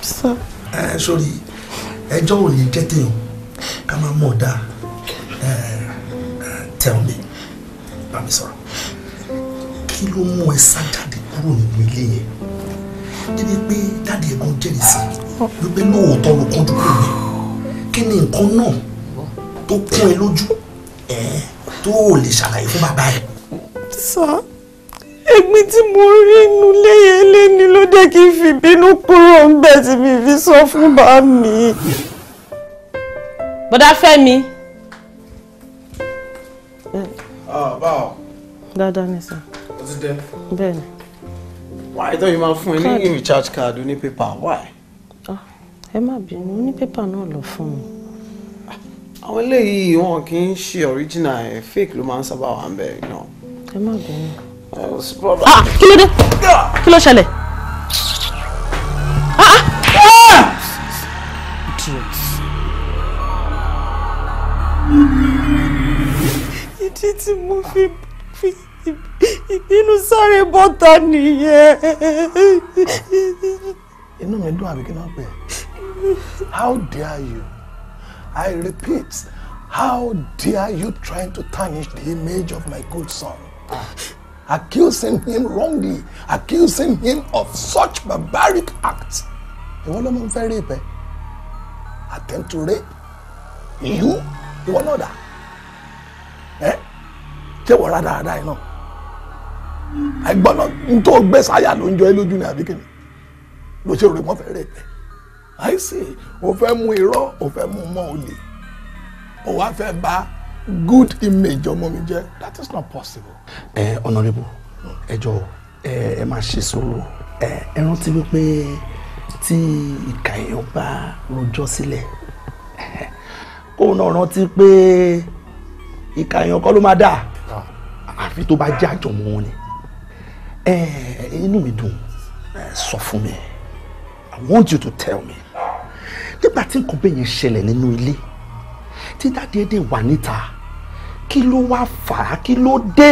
sà. ẹ sori ẹjọ́ ò ní jẹ́ téèyàn ká máa mọ̀ dáa tell me bá mi sọ̀rọ̀ kí ló mú ẹ sá jáde kúrò nínú ilé yẹn débi pé dáàdi ẹ̀gbọ́n jẹ́rìí sí wípé lóòótọ́ ló kún dúró mi kí ni nǹkan náà tó kún ẹ lójú ẹ tó o lè ṣàlàyé fún bàbá ẹ. sọ ẹ̀gbin tí mo rí inú léyẹlé ni ló dé kí n fi bínú kúrò ń bẹ̀ tí mi fi sọ fún bàá mi. bọ́dá fẹ́mi. Ah, dáadáa ni sir. ó ti dé. bẹ́ẹ̀ why tó yìí máa fún ẹ ní recharge card ní paper. why. Ah, ẹ má bínú ní pépà náà lọ fún mi. àwọn eléyìí wọn kì í ṣe original ẹ fake ló máa ń sábà wà ń bẹ iná. ẹ má bínú. Ah, kí ló dé Ah, ah. ṣẹlẹ̀. Ah! ìdí tí mo fi bọ́ inú sáré bọ́ta nìyẹn. inú mi dùn àbí kí n máa pè é how dare you i repeat how dare you trying to tarnish the image of my good son accusing him wrongly accusing him of such barbaric acts ìwọ ló máa ń fẹ́ rape ẹ attempt to rape you ìwọ náà dà ẹ ṣé wọ́n rà dáadáa yìí náà àgbọ̀nà tó gbé sáyà ló ń jọ ẹ lójú ní àbíkẹ́ni ló ṣe rò wọ́n fẹ́ rẹ̀ pẹ́ àìsí o fẹ́ mú irọ́ o fẹ́ mú mọ́ olè o wá fẹ́ bà good image ọmọ mi jẹ́ that is not possible. ẹ honorable ẹ jọ̀ọ́ ẹ ẹ máa ṣe sùúrù ẹ ẹ rántí wípé tí ìka èèyàn bá rojọ́ sílẹ̀ kóun náà rántí pé ìka èèyàn kọ́ ló máa dà ah. àfi tó bá jẹ́ àjọmọ́ wọn ni. Eh, inú mi dùn eh, sọ fún mi i want you to tell me nígbà tí nǹkan bẹ́ẹ̀ yẹn ṣẹlẹ̀ nínú ilé tí dáadé dé wà níta kí ló wá fà á kí ló dé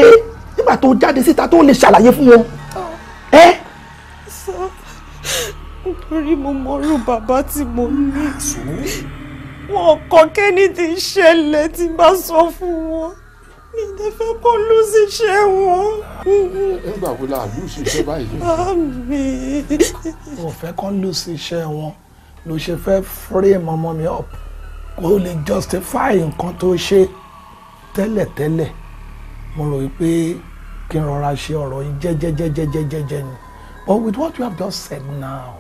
nígbà tó jáde síta tó lè ṣàlàyé fún wọn. Ah, eh? sọ nítorí mo mọrú bàbá tí mo ní ah, wọn kọ kẹ́ni tí ń ṣẹlẹ̀ tí bá sọ fún wọn mi lè fẹ́ kó lù síṣẹ́ wọn. nígbà wo la lù síṣẹ́ báyìí. àmì. o fẹ́ kó lù síṣẹ́ wọn ló ṣe fẹ́ frame ọmọ mi up kó lè justify nǹkan tó ṣe tẹ́lẹ̀tẹ́lẹ̀ mo rò pé kí n rọra ṣe ọ̀rọ̀ yìí jẹ́jẹ́jẹ́jẹ́jẹ́jẹ́ ni but with what you have just said now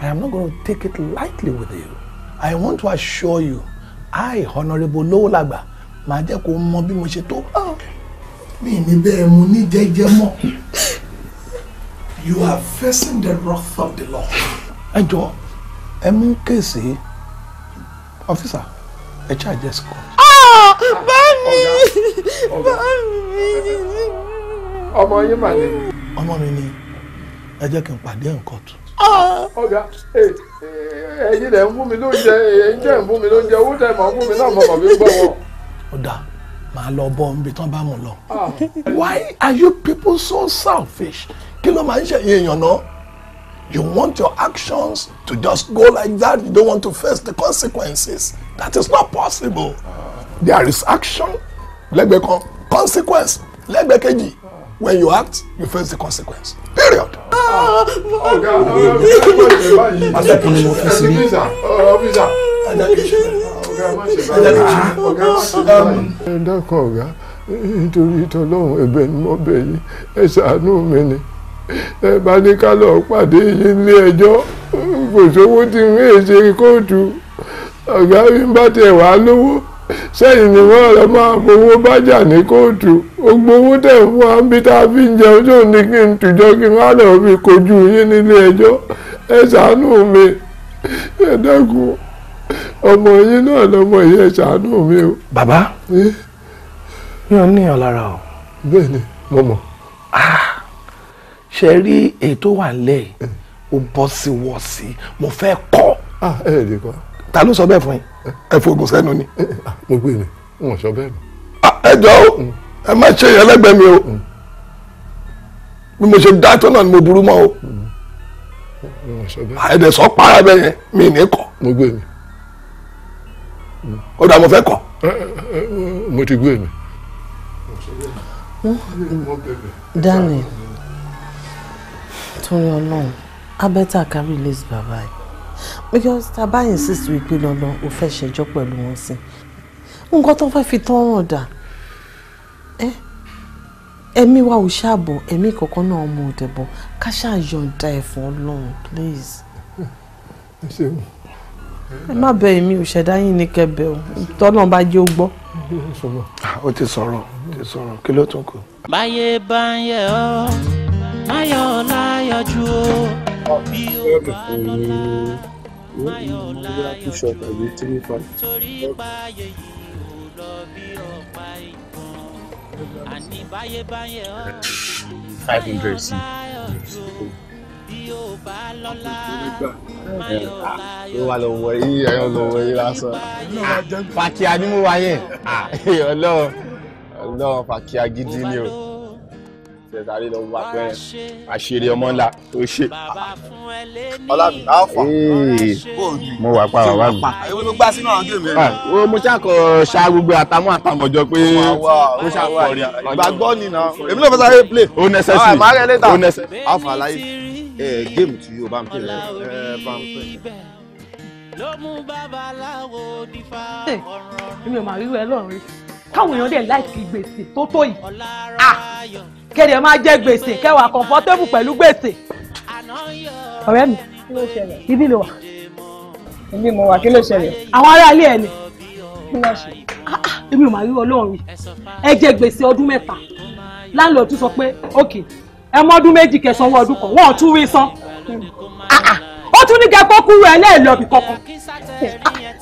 I am not going to take it lightly with you I want to assure you I honourable Lowolagba màá jẹ́ kó mọ bí mo ṣe tó ah, mi ní bẹ́ẹ̀ mo ní jẹ́jẹ́ mọ́ you are facing the wrath of the law. ẹ jọ ẹ mú kéèsì ọfíìsà ẹ ṣáàjẹ sùkọ. Ah, bá mi bá mi. ọmọ yín mà ní. ọmọ mi ni ẹ jẹ́ kí n pàdé nǹkan ah. tù. ọ̀gá ẹ̀yin lẹ̀ ń fún mi lóúnjẹ ẹ̀yin jẹ́ ń fún mi lóúnjẹ owó tẹ̀ mọ́ fún mi náà mọ̀ mọ̀ gbọ́ wọn kódà màá lọ bọ níbi tán bá mú lọ. why are you people so selfish kí ló máa ń ṣe èèyàn náà you want your actions to just go like that you don't want to face the consequences that is not possible there is action lẹ́gbẹ̀ẹ́ kan consequence lẹ́gbẹ̀ẹ́ kejì when you act you face the consequence period. ọ̀gá ọ̀gá ọ̀gá ọ̀gá ọ̀gá ọ̀gá ọ̀gá ọ̀gá ọ̀gá ọ̀gá ọ̀gá ọ̀gá ọ̀gá dákọ̀ ọ̀gá nítorí tọlọ́run ẹ̀bẹ̀ ni mo bẹ̀ yín ẹ ṣàánú mi ni ẹ bá ní ká lọ pàdé yìí nílé ẹjọ́ kò tí n lè ṣe kóòtù ọ̀gá mi bá tẹ̀ wá lówó sẹ́yìn ni wọ́n rẹ̀ máa fowó ní kóòtù tẹ̀ fún wa bí tá a fi ń ní kí n tùjọ́ kí n wá fi kojú yín nílé ẹjọ́ ẹ ṣàánú mi ẹ ọmọ yín náà lọmọ yìí ẹ ṣàánú mi o. bàbá mi ò níyàn lára o. bẹ́ẹ̀ ni mo mọ̀. Ah! ṣe rí èyí tó wà nílẹ̀ eh. ó bọ́ sí wọ́ sí mo fẹ́ kọ́. ẹ ah, ẹ lè kọ́. ta ló sọ bẹ́ẹ̀ fún yín ẹ eh. fògùn sẹ́nu ni. Eh, ah, mo gbé ni wọn sọ bẹ́ẹ̀ mi. ẹ jọ o mm. ẹ má ṣe yẹn lẹ́gbẹ̀ẹ́ mi o mm. bí mo ṣe dá tó náà ni mo burú mọ́ o. ẹ mm. dẹ̀ sọ para bẹ́ẹ̀ yẹn mi ní kọ́. mo gbé ni ó dà mo fẹ́ kọ̀. mo ti gbé mi. dani torí ọlọ́run abẹ́tà kárí lẹ́sì bàbá ẹ̀ because taba insist wípé lọ́lọ́ ò fẹ́ ṣẹjọ́ pẹ̀lú wọn sí nǹkan tó fẹ́ fi tọ́ràn dà ẹ̀mí wa ò ṣàbọ̀ ẹ̀mí kọ̀ọ̀kan náà ọmọ òdẹ̀bọ̀ ká ṣàyọ̀ǹda ẹ̀ fún ọlọ́run please. ṣeun ẹ má bẹ èmi ò ṣẹ̀dá yín ní kẹbẹ o tọ́nà bá jẹ́ ó gbọ́. ó ti sọ̀rọ̀ ó ti sọ̀rọ̀ kí ló tún kù. báyé bá ń yẹ ọ máyọ̀ láyọ̀jú o bí ó bá lọ́la máyọ̀ láyọ̀jú o torí báyé yìí ò lọ bí ọ̀pá ìbọn àní báyé bá yẹ ọ máyọ̀ láyọ̀jú o. Ah, ló wà lọ wọ yí ẹyọ lọ wọ yí lásán ah, fàkíà ni mo wà yẹn ah, Ọlọ́run Ọlọ́run fàkíà gidi ni o ṣẹtàrí lọ wà pẹ àṣírí ọmọ ńlá tó ṣe. ọlábì alfa mo wà pa wà mí. ewu ló gbá sínú àwọn géèmù yẹn. o mo ṣàkọ ṣá gbogbo àtàmú àtàmọ̀jọ pé mo ṣàkọ rí. ìgbàgbọ́ nìyẹn èmi náà fẹ́ sáré play. o necessary o necessary alfa láyé géèmù tí o bá ń pè rẹ bá ń pè ló mú babaláwo di fa eh, ọ̀rọ̀ rẹ. èmi ò máa ríro ẹ lọ́rùn rí káwọn èèyàn dẹ̀ láìsí gbèsè tó tó yìí kẹ̀dẹ̀ ah! máa jẹ́ gbèsè kẹwàá kọ̀ǹfọ́tébù pẹ̀lú gbèsè. ọ̀rẹ́ mi kí ló ṣẹlẹ̀ ibi ló wà. ibi mo wà kí ló ṣẹlẹ̀. àwọn ará ilé ẹ̀ ni. kí ló ṣe. Ah, ah, èmi ò máa ríro ọlọ́run ẹ jẹ gbèsè ọdún mẹ́ta láńlọ́ọ̀tún sọ pé ókè. Okay ẹ mọ́dún méjì kẹsànwó ọdún kan wọn ò tún rí san ah, ah, ó tún ní gẹ́gẹ́ kúrú ẹ lẹ́ẹ̀lọ́bì kankan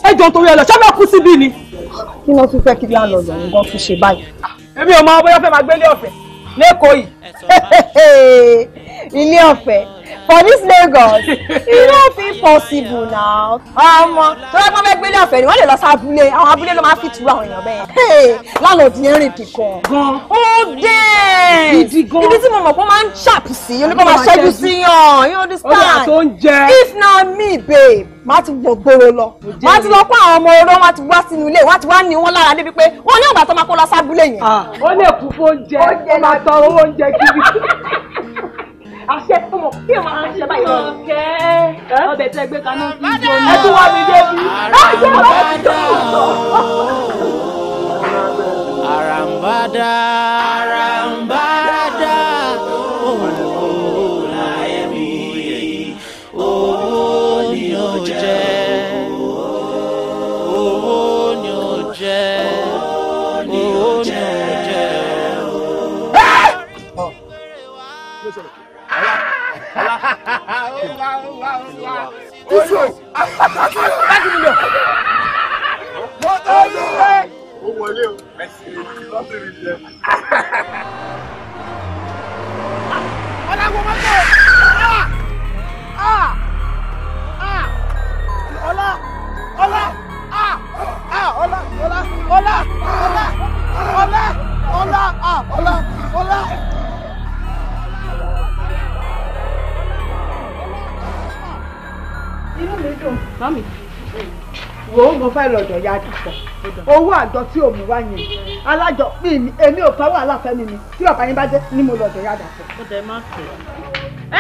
ẹ jọ torí ẹ lọ ṣọ́bẹ̀ kú síbí ni. kí ló tún fẹ́ kí láńlọ́ọ̀dù ọ̀hún gan fi ṣe báyìí. Ah, èmi ò mọ bóyá fẹ́ máa gbélé ọ̀fẹ́ lẹ́kọ̀ọ́ yìí ilé ọ̀fẹ́ for this Lagos e no fit possible now ọmọ tó bá gbọ́n bẹ́ẹ̀ gbélé ọ̀fẹ́ ni wọ́n lè lọ sí abúlé àwọn abúlé ló máa fi tu àwọn èèyàn bẹ́ẹ̀ lálọ́ọ̀dì yẹn rìn kíkan gan ó dé ibi tí mo mọ̀ pé ó máa ń ṣàpù sí olùkọ́ máa ṣẹ́jú sí yàn you understand if na me babe má ti wọ gbòòrò lọ má ti lọ kó àwọn ọmọ oró wá ti wá sínú ilé wá ti wá ní wọn lára débi pé wọn ní ọgbà tó máa kó lọ sábúlé yẹn. Ah, ó lè kú fóúnjẹ ó máa tọrọ oúnjẹ kiri. àṣẹ ọmọ kí èèmọ àṣẹ ṣe báyìí lọ. ọkẹ ọbẹ tẹ gbé kaná kí n jọ ẹ tó wá mi débi. àṣẹ ọmọ kí n jọ. àràǹbádà. tíṣù láti nílò. mọ́tò olúwe. ó wọlé o ẹ̀sìn èyí lọ́sẹ̀ mi jẹ. ọ̀làwọ̀ mọ́tò ọ̀la ọ̀la ọ̀la ọ̀la ọ̀la ọ̀la ọ̀la ọ̀la ọ̀la. inú mi dùn. mami wo mo fẹ́ lọ́dọ̀ ya dùpọ̀ owó àjọ tí ò mú wá yẹn alájọ mi èmi ò fẹ́ wàhálà fẹ́mi mi tí bàbá yín bá dé ni mo lọ́dọ̀ ya dàpọ̀. ó dẹ má pè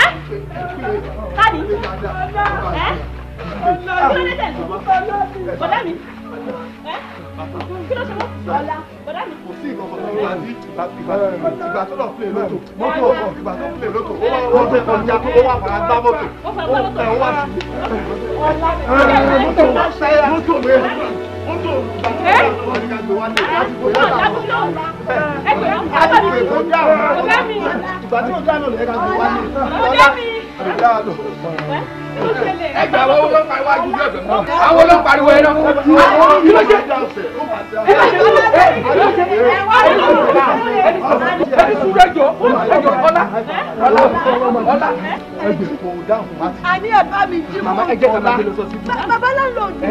é. ẹ káàdì ẹ ọlọ́ọ̀dì ọlọ́ọ̀dì bọ̀dá mi kí ló mi. kò sí nǹkan kan tó wá sí ìgbà tó lọ play lóto mọ́tò ọkọ̀ ìgbà tó play lóto ó wá wọ́n tẹ ọjà tó wà fara gbá mọ́tò ó fẹ́ wá sí. mọ́tò mọ́tò mi mọ́tò ẹ ẹ ìgbà tí ó dáná lẹ́ka gbé wá ní ẹgbẹ́ àwọn olóńgbò pariwo ajúgbò ẹgbẹ́ mọ́ àwọn olóńgbò pariwo ẹ̀rọ kí ló ṣe. ẹni sùúrù ẹjọ ẹjọ ọlá ọlá ọlá. ẹgbẹ́ kò dáhùn. àní ẹ̀ bá mi jí mọ́. màmá ẹ̀jẹ̀ kan ló lọ sọ sí. bàbá lọ́lọ́ òdì.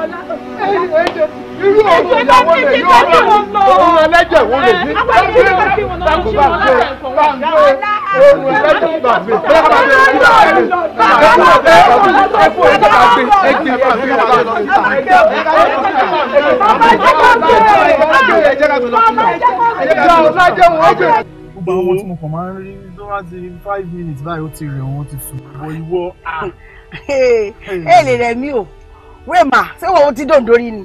irú òun ìyàwó lè yọ ọ́ òun ẹlẹ́jẹ̀ wo lè ní takuba ṣe báńkó ẹlẹ́jẹ̀ gbà mí bẹ́ẹ̀ bá mi rí àárín ẹ̀kú ọ̀dẹ́ ọ̀dún ẹ̀kú ọ̀dẹ́ bá gbogbo àwọn tí mo kàn máa ń rí dọ́wọ́tì five minutes báyìí ó ti rẹ̀ wọ́n ti fún ìwọ ìwọ. ẹ lè rẹ̀ mí o wéèmà ṣé wọn ti dòǹdó rí ni.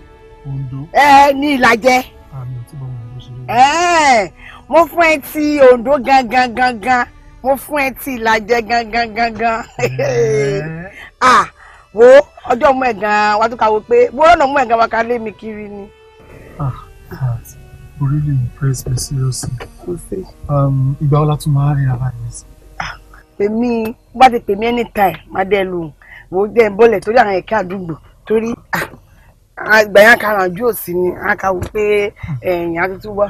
ondo. ẹ ní ìlàjẹ. àmì tí bọ́mọ ondo ṣe rí. mo fún ẹ ti ondo gangan gangan mo fún ẹ ti ìlàjẹ gangan gangan. ah wo ọjọ́ mú ẹ̀ gan-an wá tó ka wo pé bó lọ́nà mú ẹ̀ gan-an ká lé mi kiri ni. ah ah really impress me seriously. Um, ìgbà wo la tún máa rí ara mi sí. Ah, pèmí bá ti pèmí anytime má dẹ́ lu wo jẹ́ ń bọ́lẹ̀ torí àwọn ẹ̀ka àdúgbò torí àgbà yẹn karanjú òsì ni a kà wí pé ẹ̀yìn àtútù wà.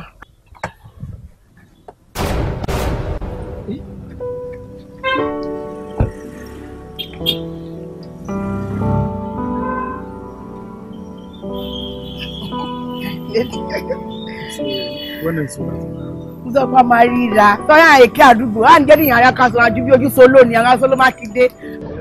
Sọ́kọ́ máa ríra. Sọ́yà èké àdúgbò, à ń gẹ́dìyàn ara kan ju bí ojú solo ni ara solo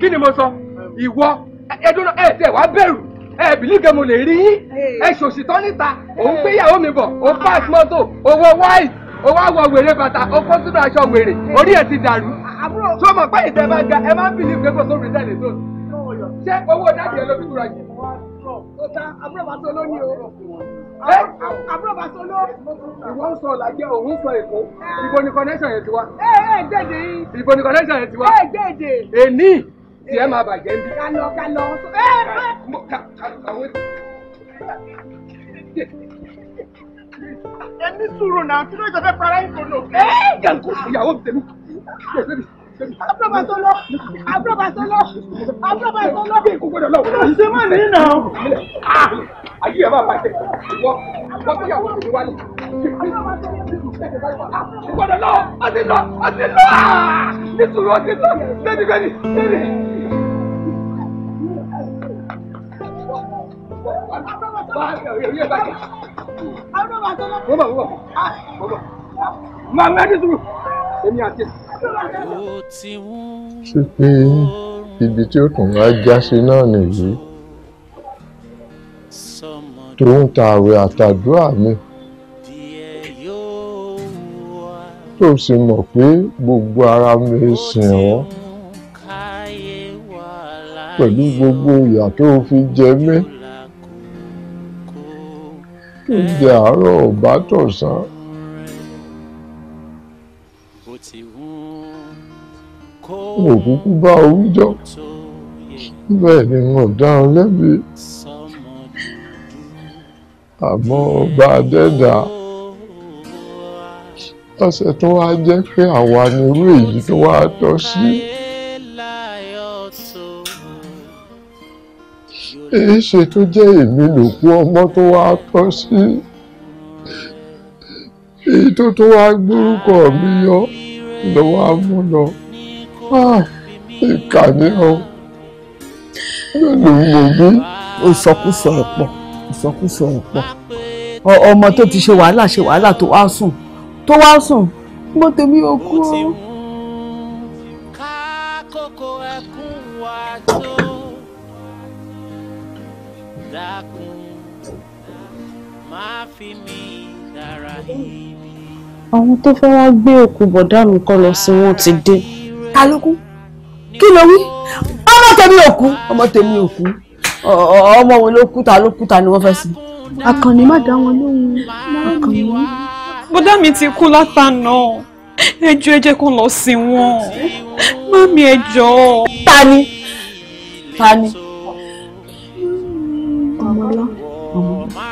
kí ni mo sọ ìwọ ẹdúró ẹ tẹ wá bẹ̀rù ẹ bìlíkẹ mo lè rí yín ẹ ṣòṣì tán níta òun gbé ìyàwó mi bọ̀ ó pass mọ́tò owó white owó àwọ̀ wèrè bàtà ó kó sínú aṣọ wèrè orí ẹ ti dàrú tó mọ̀ pé ìtẹ̀ bá ga ẹ máa ń bìlíkẹ kó sóbì tẹ̀lé tó ṣé owó dáàbì ẹ ló fi kúra jù. ọ̀tá àbúrò bá tó lónìí o àbúrò bá tó ló. ìwọ ń sọ làjẹ òun sọ èkó ibo ni connection yẹn ti wá. ẹ ẹ jẹ́jẹ́ yìí. ibo ni connection yẹn ti wá. ẹ jẹ́jẹ́. èní tiẹ̀ máa bàjẹ́ ń bí. kálọ kálọ. ẹni sùúrù náà tí ló jọ fẹ́ para ẹ̀ kọ́nà. ẹ jẹ́nkú ìyàwó mi tẹ̀lé. Abúlọ́bà tó lọ, abúlọ́bà tó lọ, abúlọ́bà tó lọ. Bí ìkókó dọ̀ lọ́wọ́. Ṣé má ní nà ó? Ah! Ayé ẹ̀ máa bàjẹ́. Ìwọ, ìwọ tó yàwó mi wálé. Abúlọ́bà tó lọ gbọ́dọ̀ lọ ó lọ ó lọ nítorí ó lọ gbẹdìgbẹdì gbẹdì. Màmá Ṣé pé ibi tí ó tún máa já náà nìyí? Tòun tààwẹ̀ àtàdúrà mi. tó sì mọ̀ pé gbogbo ara mi sìn ọ́ pẹ̀lú gbogbo ìyà tó fi jẹ mí tó jẹ àárọ̀ ọ̀bá tọ̀sán. mo kúkú bá oúnjọ bẹ́ẹ̀ ni mo dáhùn lẹ́bi àmọ́ ọba adẹ́dàá ọ̀sẹ̀ tó wá jẹ́ pé àwa ni irú èyí tó wá tọ́ sí. èyí ṣe tó jẹ́ èmi lòkú ọmọ tó wá tọ́ sí. èyí tó tó wá gbórúkọ mi yọ ló wá mú lọ. Ah, ìkànnì ọ lónìí ìsọkúsọ ẹ̀pọ̀ ìsọkúsọ ẹ̀pọ̀ ọmọ tó ti ṣe wàhálà ṣe wàhálà tó wá sùn tó wá sùn gbọ́ tèmi ò kú o. kákòkò ẹkún wa tó dákun máa fi mi dára ibi. àwọn tó fẹ́ wá gbé òkú bọ̀dá mi kọ́ lọ sí wọn ti dé. kálukú kí ló wí ọmọ tèmi ò kú ọmọ tèmi ò kú ọmọ wọn ló kú ta ló kú ta ni wọ́n fẹ́ sí. àkànní má dá wọn lóhùn àkànní bọ́dá mi ti kú látànà ẹjọ́ ẹ jẹ́ kó lọ sin wọn mami ẹjọ́. ta ni ta ọmọlá ọmọlá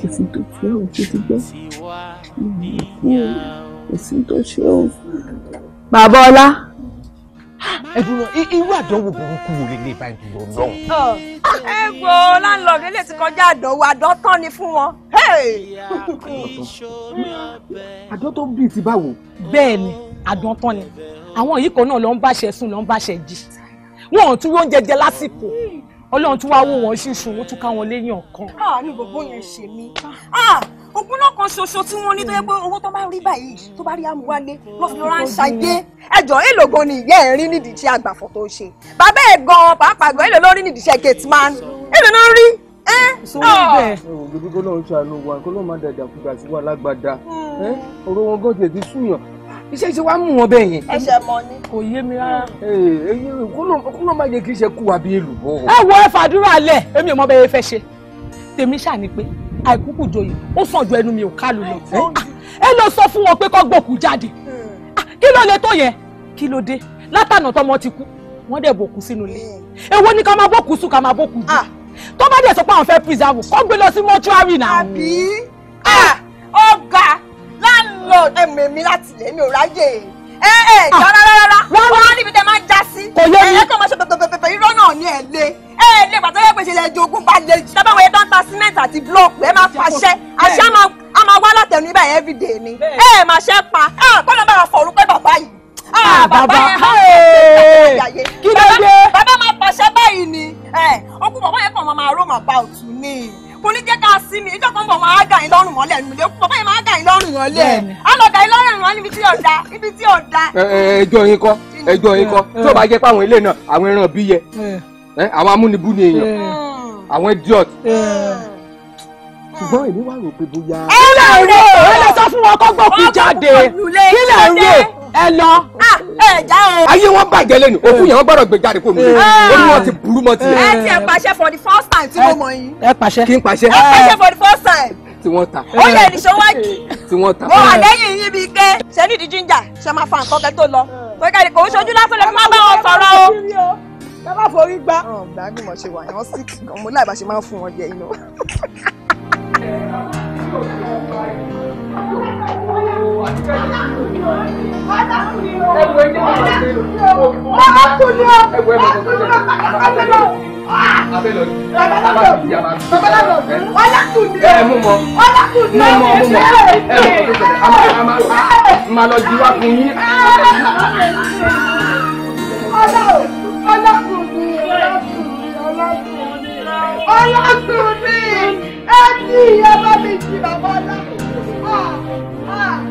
kìsì tó fi ẹ̀wọ̀n kò sí tó ṣe o. bàbá ọlá ẹdùn náà irú àdánwò burúkú wo lè lè bá ìdúró náà. ẹ wo láńlọ́ọ̀dù ilé ti kọjá àdánwò àdọ́tán ni fún wọn. àdán tó ń bì tí báwo. bẹ́ẹ̀ ni àdọ́tán ni àwọn yìí kan náà ló ń báṣẹ sùn ló ń báṣẹ jí wọn ò tún yóò jẹjẹ lásìkò ọlọ́run tún wáá wò wọ́n ṣíṣù ó tún ká wọn lẹ́yìn ọ̀kan. àánú gbogbo yẹn ṣe mí ògùn náà kan ṣoṣo tí wọ́n ní tó yẹ pé owó tó bá rí báyìí tó bá rí amúwálé wọ́n fi ránṣẹ́ gbé ẹjọ́ èlò gan ni ìyá ẹ̀ rí nídìí iṣẹ́ àgbàfọ̀ tó ṣe bàbá ẹ̀ gan pàápàá gan èlò ló rí nídìí iṣẹ́ gate man èlò ló rí. ìṣòwò ah! bẹ́ẹ̀. ògbógbó náà ń ṣàánú wa kó ló má dàjà kúgbà sí wa lágbàdá hmm. ọ̀rọ̀ wọn gọ́ọ̀tì ẹ̀ ti súyàn iṣẹ́ iṣẹ́ wa mú wọn bẹ́ẹ̀ yẹn. ẹ ṣe mọ ni. kò yé mi rárá. Eh, eh, kúlọ̀ má jẹ́ kí iṣẹ́ kú wa bí èlùbọ́. ẹ wo ẹ fàdúrà lẹ èmi ò mọ bẹ́ẹ̀ fẹ́ ṣe tèmi ṣáà ni pé àìkúkú joyè ó sàn ju ẹnu mi ò kálu lọ eh, ẹ lọ sọ fún wọn pé kó gbòkú jáde hmm. ah, kí ló lè tó yẹn kí ló dé látànà tọmọ ti kú wọn dẹ̀ bòkú sínú ilé hmm. èwo ni ká máa bòkú sùn ká máa bòkú jù ah. tó bá dẹ̀ sọ pé àwọn fẹ́ pírísàwò kó gbé lọ sí mọ́túárì náà. àbí ah! ọ̀gá landlord ẹ mèmí láti lè mi ò ráyè ẹ ẹ jọ rárá rárá wọn á níbi tẹ máa já sí kò yé mi ẹ kàn máa ṣe pẹpẹpẹpẹ irọ́ náà ni ẹ lé ẹ lé pàtó yẹ pé ṣe lè jogún bá lè jù tábàwọn ẹgbẹ́ ń ta cement àti block ẹ máa fàṣẹ àṣẹ a máa wá látẹnu ibà yẹn everyday ni ẹ máa ṣẹ́ pa kọ́nà bá wà fọ̀ọ́rù pé bàbá yìí bàbá kí ló dé bàbá máa pàṣẹ báyìí ni ọkùnrin bàbá yẹn kàn máa rome about ni kò ní jẹ́ ká sí mi ìjọ kan bọ̀ máa gà yín lọ́rùn mọ́lẹ̀ ẹnu ilé bàbá yẹn máa gà yín lọ́rùn mọ́lẹ̀ á lọ gà yín lọ́rùn mọ́lẹ̀ níbi tí ò da níbi tí ò da. ẹjọ́ yín kọ́ ẹjọ́ yín kọ́ tí ò bá jẹ́ pé àwọn ilé náà àwọn ẹran bí yẹ àwọn amúnibú ni èèyàn àwọn idiot ṣùgbọ́n èmi wá rò pé bóyá. ẹ lè rè é ẹ lè sọ fún wọn kó gbókùn jáde kí lè rè ẹ lọ ẹ já o. ayé wọn bàjẹ́ lẹ́nu òkú yẹn wọn gbọ́dọ̀ gbé jáde kó mi lé orí wọn ti burú mọ́ ti. ẹ ti ẹ pàṣẹ for the first time tí mo mọ yín. ẹ pàṣẹ kí n pàṣẹ. ẹ pàṣẹ for the first time. tí wọ́n ta. ó lè ní sọ́wájì. tí wọ́n ta. mo wà lẹ́yìn yín bíi ké ṣe ní ìdíjú ńjà ṣe máa fa nǹkan kẹ́ tó lọ. pẹ̀kẹ́ni kò ń ṣojú lásán lè má bá wọn sọ̀rọ̀ o. tábà forí gbá. ọ̀gbà bí Má lọ jí wá fún yín. Ọlọ́kùnrin ọlọ́kùnrin ọlọ́kùnrin ẹ ti ìyá bá mi jí bàbá ọlọ́kùnrin.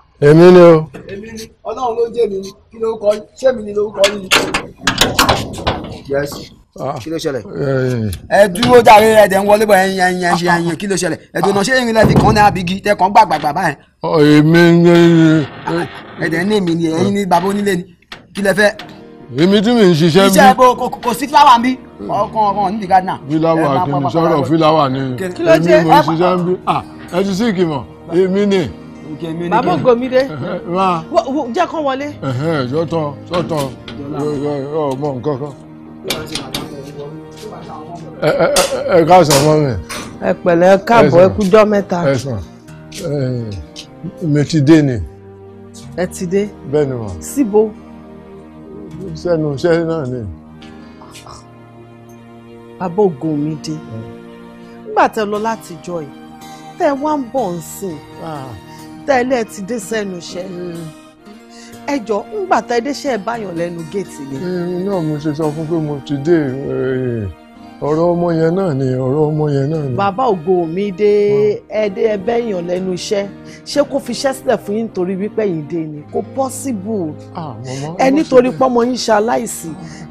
èmi ni o. èmi ni ọlọ́run ló jẹ́ mi ni kí ló kọ́ ṣé mi ni ah. ló kọ́ yìí. yẹ́sì kí ló ṣẹlẹ̀. ẹ dúró dáre ẹ dẹ̀ ń wọlé bọ̀ ẹyin ẹyin ẹyin ẹyin kí ló ṣẹlẹ̀ ẹ̀dùn náà ṣé irin lẹ́ẹ̀fi kan náà abigi tẹ kàn gbàgbàgbà báyẹn. Oh, èmi ni. Eh, ẹ dẹ̀ ní èmi ni ẹyin ní bàbá onílé ni kí lẹ fẹ́ èmi tí mi ń ṣiṣẹ́ bí. iṣẹ́ kò kò sí fúláwà ń bí ọkàn ọkàn nídìí gádínà. fúláwà kì í sọ̀rọ̀ fúláwà ni èmi mo ṣiṣẹ́ ń bí ah, ẹ ti sí ìkìmọ̀ èmi ni bàbá Ògòmídé jẹ́ kán wọlé. sọ́tàn sọ́tàn ọmọ nǹkan kan. ẹ káàsán mọ́ mi. ẹ pẹ̀lẹ́ ẹ káàbọ̀ ẹ kújọ́ mẹ́ta. ẹ sàn mi ti dé ni. ẹ ti dé. bẹ́ẹ̀ ni wọ́n. síbo. sẹ́nu iṣẹ́ náà ni. bàbá Ògòmídé nígbà tẹ lọ láti jọ yìí tẹ wá ń bọ̀ ń sìn. Ah tẹ́lẹ̀ ti dé sẹ́nu iṣẹ́ mm. ẹ jọ ńgbà tẹ́lẹ̀ ṣe é báyọ̀ lẹ́nu géètì ni. Mm, náà mo ṣe sọ fún pé mo ti dé eh, ọ̀rọ̀ ọmọ yẹn náà ni ọ̀rọ̀ ọmọ yẹn náà ni. bàbá ògo mi hmm. dé ẹdẹ ẹbẹ èèyàn lẹ́nu iṣẹ́ ṣé kó fi iṣẹ́ sílẹ̀ fún yín nítorí wípé yìí dé ni kò pọ́síbù ah, ẹ nítorí pọ́mọ yín ṣe aláìsí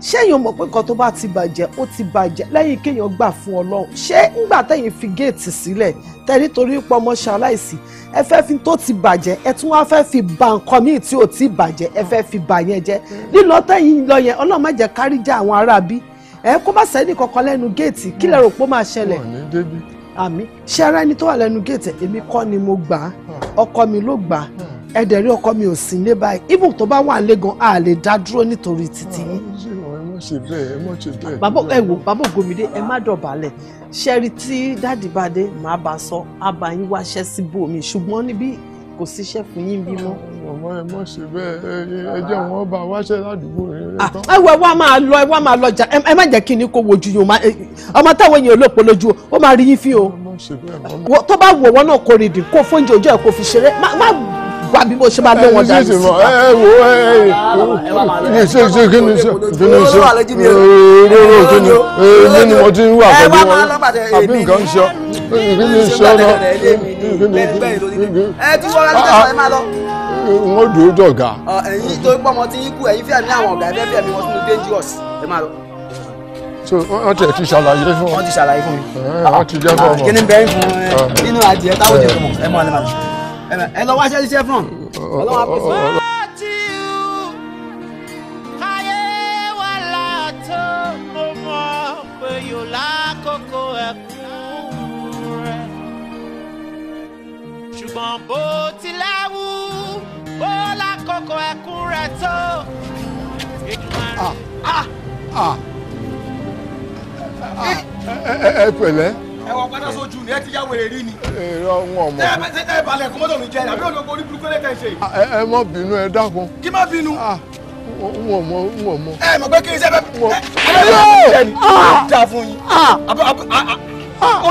ṣé èèyàn mọ̀ pé nǹkan tó bá ti bàjẹ́ ó ti bàjẹ́ lẹ́yìn kéèyàn gbà fún ọlọ́run ṣé ńgbà tẹ̀yìn fi géètì sílẹ̀ tẹ̀ nítorí pọ́mọ ṣe aláìsí ẹ fẹ́ fi tó ti bàjẹ́ ẹ tún wá fẹ́ fi ba nǹkan míì tí ò ti bàjẹ́ ẹ fẹ́ fi bà yẹn jẹ́ hmm. lílọ tẹ̀yìn lọ yẹn ọlọ́run má jẹ́ kárí já àwọn aráabí ẹ kó má sẹ́ni kankan lẹ́nu géètì kí lè rò pé ó máa ṣẹlẹ̀ àmì ṣe ara ẹni tó wà lẹ́nu géètì èmi kọ́ ni mo gbà á hmm. ọkọ mi ló gbà á hmm. ẹ̀dẹ̀ rí ọkọ mi ò sí ilé báyìí ibùn tó bá wà lé gan a lè dá dúró nítorí títí yín. Ah, bàbá ẹ wò bàbá Ògúnmidé ẹ má dọ̀bálẹ̀ ṣẹ́rí tí dádì bá dé màá bá sọ àbá wáṣẹ́ síbò mi ṣùgbọ́n níbí kò síṣẹ́ fún yín bí mọ́. ọmọ ẹ mọ̀ ṣe bẹ́ẹ̀ ẹ wọn bá wáṣẹ́ ládùúgbò rẹ̀. Ah, ẹ wá wá máa lọ ẹ wá máa lọ jà ẹ má jẹ́ kí ni kò wojú yín ọmọ táwọn èèyàn olóòpó lójú ó máa rí yín fí o. tó bá wọ̀ wọ́n náà kórìdì kó fóúnjẹ ojú ẹ̀ kó fi ṣeré má wá bí mo ṣe máa lé wọn dàrú sí i. ẹ wo ẹ ṣe ṣe kí ni ṣe kí ni ṣe olóró kí ni èmi ni mo ti ń wà pẹ̀lú wọn àbí nǹkan ń ṣe kí ni ṣe ọ náà ẹ ti sọ́ra ní tẹ̀sán ẹ máa lọ. wọ́n dùn ó dọ̀gà. ẹ̀yin tó pọ́nmọ tí yín kú ẹ̀yin fíà ní àwọn ọ̀gá ẹgbẹ́ fíà mi wọ́n sínú dangerous ẹ ti ṣàlàyé fún wọn ti ṣàlàyé fún mi wọn ti jẹ fún ọmọ kí ni bẹ́ẹ̀ fún ah. nínú adìẹ táwọn jẹ fún mọ ẹ mọ ẹ ẹ lọ wáṣẹ́ iṣẹ́ fún ọlọ́wà pèsè. ṣùgbọ́n bó tilẹ̀ wù bó lákòókò ẹkún rẹ̀ tó. Ah, ah, ah. ẹ pẹ̀lẹ́ ẹwọ padà sójú ni ẹ ti yá wèrè rí ni. èrò wọn mọ. ẹ ẹ balẹ̀ kó mọ́tò mi jẹ àbí olóko orí burúkú lẹ́tẹ̀ ṣe. Ah, ẹ má bínú ẹ dákun. kí má bínú. Ah, n ò mọ n ò mọ. ẹ mọ̀ pé kí n ṣe bẹ́ẹ̀. ẹ yóò ah! dà fún yín.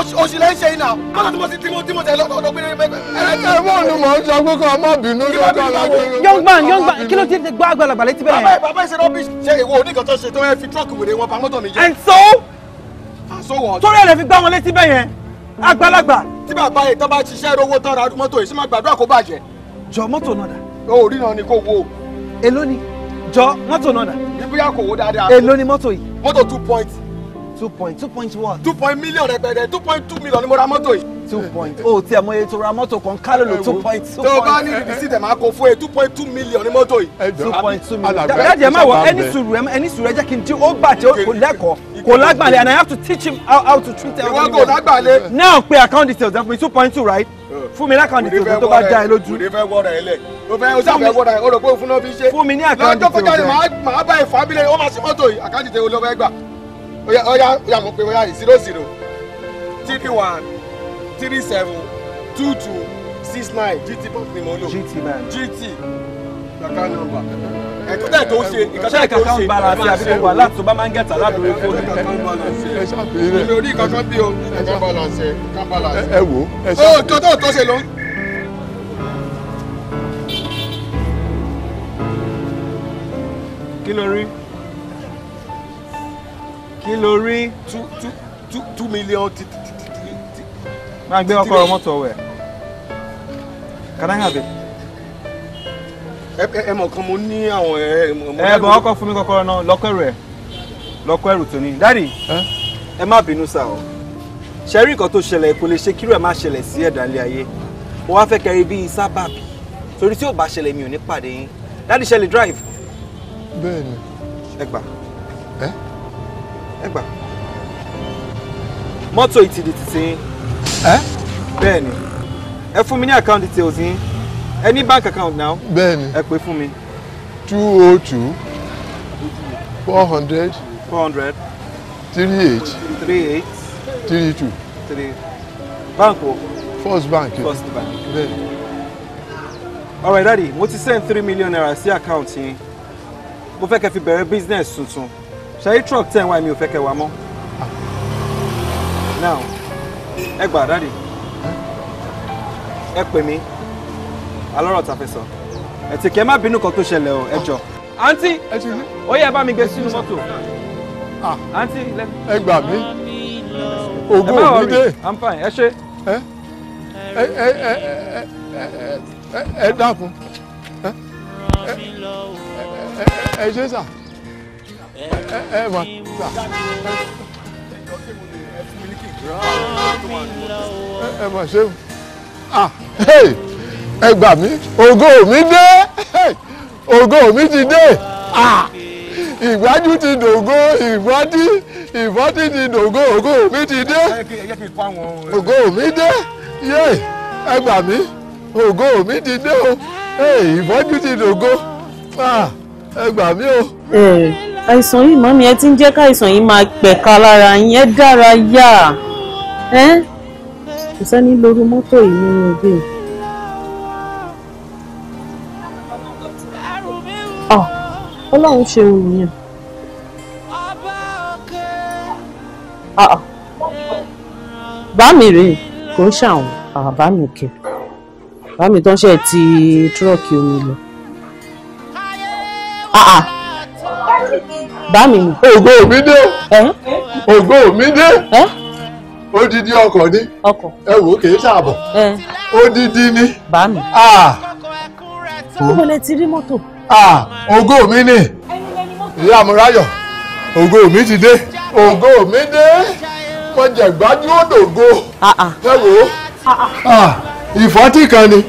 oṣù lẹ́ ṣe iná mọ́tò tí mo ti tí mo tí mo tẹ̀ lọ́dọ̀ ẹ mọ̀ ni mò ń sọ pé kó má bínú lọ́dọ̀ lágbèrè. kí ló ti gbọ́ àgbàlagbà létí bẹ́ẹ̀. bàbá ìṣẹ́ rọ́bì ṣe ìwọ and so torí ẹ̀ lè fi gbá wọn létí bẹ́ẹ̀ yẹn àgbàlagbà. tí bàbá yìí tó bá ṣiṣẹ́ rówó tán ra mọ́tò yìí sí máa gbàdúrà kó bàjẹ́. jọ mọ́tò náà dà. o rí náà ni kò wo. èló ni jọ mọ́tò náà dà. bíbíyà kò wo dáadáa. èló ni mọ́tò yìí. mọ́tò two point. two point two point what. two point million rẹpẹrẹ two point two million ni mo ra mọ́tò yìí two point o tiẹ̀ mọ ètò ra mọ́tò kan kálò ló two point two point. tó o bá ní ibi sí tẹ̀ máa kó fún ẹ two point two million ní mọ́tò yìí. two point two million dájú ẹ má wọ ẹni sùúrù ẹni sùúrù ẹ jẹ́ kí n tí ó gbà tí ó lẹ́kọ̀ọ́ kò lágbàlẹ̀ and I have to teach him how, how to treat everyone. ìwọ kò lágbàlẹ̀. now pay account details ẹ fún mi two point two right uh. fún mi lákàn ní tòótọ́ tó bá dá ẹ lójú. òde fẹ́ wọ́ọ̀rọ̀ ẹ lẹ̀ o fẹ́ o sáfẹ́ wọ́ọ̀rọ̀ ẹ o rò pé o fún náà fi ṣe. fún mi ní àkáǹtì tòótọ́. lọ́jọ́ kọjá ni eh. màá bá ìfà bílẹ̀ ó máa ṣe mọ́tò yìí àkáǹtì tòótọ́ lọ́wọ́ ẹ gbà. ó yá ó yá mo pe ó yá zero zero three three seven two two six nine gt pump ni mo gt man gt kàkà nọ́mbà ẹ̀kọ́tẹ̀ tó ṣe ìkọ́tẹ̀ tó ṣe balance àbí kò wà láti tó bá máa ń gẹ̀tà ládùúgbò fóònù ìlú orí kankan bí o kankan balance kankan balance. ẹ wo ẹ ṣe. ó tó tó tó ṣe ló ń. kí ló rí kí ló rí two two two million máa gbé ọkọ mọ́tò ọwọ́ ẹ̀ can I have it. ẹ mọ̀ kan mo ní àwọn mo. ẹ bọ̀ ọkọ fún mi kọ́kọ́rọ́ náà lọ́kọ́ ẹrù ẹ̀ lọ́kọ́ ẹrù tó ní. dáàdì ẹ má bínú sá o ṣe rí nǹkan tó ṣẹlẹ̀ kò lè ṣe kírú ẹ̀ má ṣẹlẹ̀ sí ẹ̀dá ilé ayé mo wá fẹ́ kẹrin bíi sábàbí torí tí ò mi ò ní pàdé yín dáàdì ṣẹlẹ̀ drive. bẹ́ẹ̀ni. ẹ eh, ẹ Moto gbà. mọ́tò ìtìdìtì ẹ. Eh? bẹ́ẹ̀ni ẹ fún mi ní account details yín ẹ ní bank account now. bẹ́ẹ̀ni ẹ pè fún mi. two O oh two four hundred. four hundred. three eight. three eight. three two. three bank o. first bank. first bank. bẹ́ẹ̀ni. all right daddy mo ti send three million naira sí account yín mo fẹ́ kẹ́ fi bẹ̀rẹ̀ business tuntun ṣayí truck ten wa mi ò fẹ́ kẹ́ wa mọ́ ah. now ẹ gbà dáàdì ẹ pè mí alọ́rọ̀ tá a fẹ́ sọ ẹ ti kẹ́ má bínú kan tó ṣẹlẹ̀ o ẹ jọ. àǹtí ó yẹ bá mi gbé sínú mọ́tò àǹtí lẹ́nu. ẹ gbà mí ogún òní dé ẹ ṣe. ẹ ẹ ẹ ẹ ẹ ẹ dákun ẹ ṣe sà ẹ ẹ wà sà ẹ mà ṣe ah, ẹ gbà mí Ogo mi dé Ogo mi ti dé ah, ìgbájú ti dògo ìfọ́tí ìfọ́tí ti dògo Ogo mi ti dé Ogo mi dé yé ẹ gbà mí ògo mi ti dé o ìfọ́jú ti dògo ah, ẹ gbà mí o àìsàn yìí mọ́mí ẹ ti ń jẹ́ káìsàn yìí máa pẹ̀ka lára yín ẹ dára yá ẹ kò sẹ́ni lórí mọ́tò yìí nínú ibi. ọlọ́run ṣe òun yẹn. bámi rèé kò ń ṣàwọn àbámi kẹ bámi tó ń ṣe ti tírọ̀kì omi lọ bá mi nù. ògo mi dé ògo mi dé odidi ọkọ ni ẹ wò ó kì í ṣàbọ̀ odidi ni bá mi. ìbọ̀lẹ̀ ti rí mọ́tò. ògo mi ni ìyá amúráyọ̀ ògo mi ti dé ògo mi dé mo jẹ̀gbájú òdògo ah, ah. ẹ wò ó ah, ìfọ́tí kan ni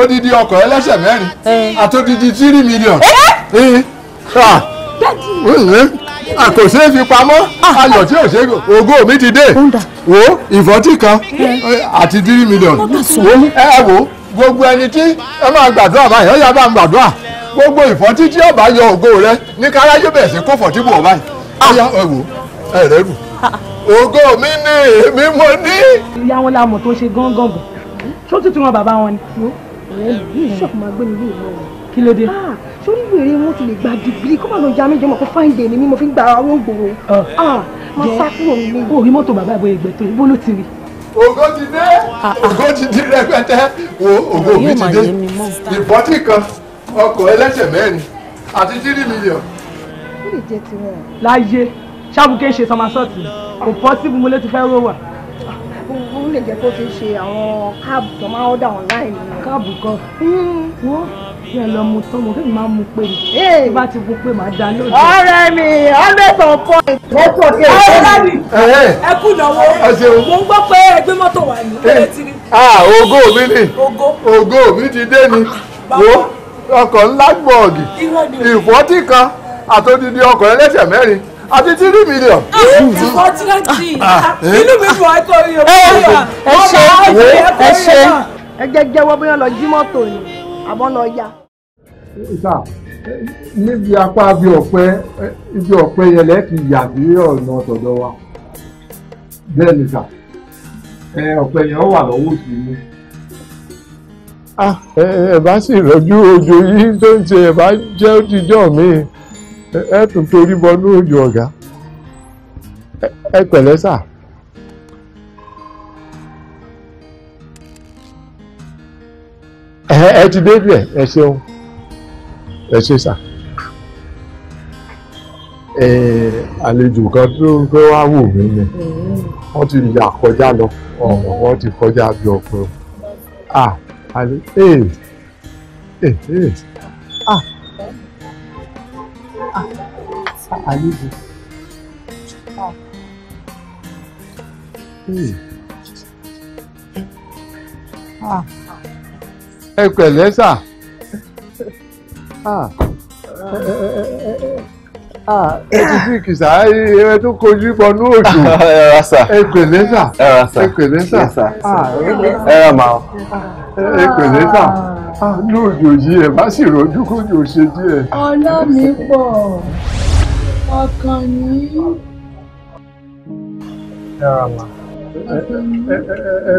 odidi ọkọ̀ ẹlẹ́sẹ̀ mẹ́rin àtòdidi tírí mílíọ̀nù a kò ṣeé fi pamọ́ ah, ah. ayọ̀ tí ò ṣe ògo mi ti dé wo ìfọ́tí kan àti tírí mílíọ̀nù ẹ wo gbogbo ẹni tí ẹ máa gbàdúrà báyìí ó yá bá ń gbàdúrà gbogbo ìfọ́tí tí ọba yọ ògo rẹ ní káráyé bẹ̀rẹ̀ sí kó fọ́tí bù ọ báyìí ó yá ẹ wo ẹ rẹ rù ah, ògo mi ni èmi mo ní. ìyá wọn làmọ̀ tó ṣe gángan bọ̀ ṣó wọn bàbá wọn ni. ọ̀rẹ́ mi yìí ṣọ́ọ̀kì gbé mi ní ìlú ọ̀hún kí ló dé. Ah, sórí wèrè wọn ti lè gba dìgírì kó má lọ ya mí jọmọ kó fáìndé ni mí mo fi ń gba owó gbòòrò. Ah. Ah, máa sá kúrò nílé. o rí mọ́tò bàbá ìbò ìgbẹ́ tó ibó ló ti rí. ògo ti dé ògo ti dé rẹpẹtẹ wo ògo mi ti dé ìbọtí kan ọkọ̀ ẹlẹ́sẹ̀ mẹ́rin àti tírí mílíọ̀n. ó lè jẹ tiwọn. láyé ṣáàbùkẹ́ ṣe sọmasọ́ọ̀tì kò pọ́sibú mo lè ti fẹ́ rówà ó lè jẹ́ kó fi ṣe àwọn káàbù tó máa ń dà online. káàbù kan. Hmm kí ẹ lọ mu tó mo kí n máa mu pé mi bá ti mu pé màá dá lóde. ọ̀rẹ́ mi always on point. wọ́n tún ọ̀kẹ́ ẹ̀ ẹ̀ lábì ẹ kú ìnáwó mo ń gbọ́ pé ẹgbẹ́ mọ́tò wà ní kẹ́lẹ́ ti ní. ògo mi ni ògo mi ti dé ni wo ọkọ̀ ńlá gbọ̀ọ̀gì ìfọ́tí kan àtòdìdí ọkọ̀ ẹlẹ́sẹ̀ mẹ́rin àti ah, tírí mílíọ̀n. Ah, ah, eh? inú mi fọ ẹkọ yìí o. Eh, eh, ẹ ṣe ẹ ṣe ẹ jẹ́ jẹ́wọ́ bí wọ́n lọ jí mọ́tò ni àbọ̀ lọ ya sà níbi apá bí ọ̀pẹ ibi ọ̀pẹ yẹn lẹ́ẹ̀kì yà sí ọ̀nà ọ̀tọ̀dọ̀ wa bẹ́ẹ̀ ni sà ọ̀pẹ yẹn wà lọ́wọ́ sí mi. Ah, ẹ bá sì rọjú òjò yìí tó ń ṣe ẹ bá jẹ́ òjijọ́ mi ẹ tún torí bọnú òjò ọ̀gá ẹ pẹ̀lẹ́ sà. ẹ ti dé bẹ̀ ẹ ṣeun ẹ ṣe sà àlejò kan tó tó wá wò mí ni wọ́n ti yà kọjá lọ ọ̀rọ̀ wọ́n ti kọjá bí ọ̀pọ̀ ah àlè ee ee ah ah àlejò ah ee ah ẹ pẹ̀lẹ́ sà. Ah, ah. ah. ah ti sí ìkìsà ẹ tó kojú pọnú òjò ẹ pẹ̀lẹ́ sà ẹ pẹ̀lẹ́ sà ẹ rà máa ẹ pẹ̀lẹ́ sà lóòjò yìí ẹ má sì rojú kójò ṣe díẹ̀. ọlọ́mi pọ̀ ọkàn ní. ẹ rà máa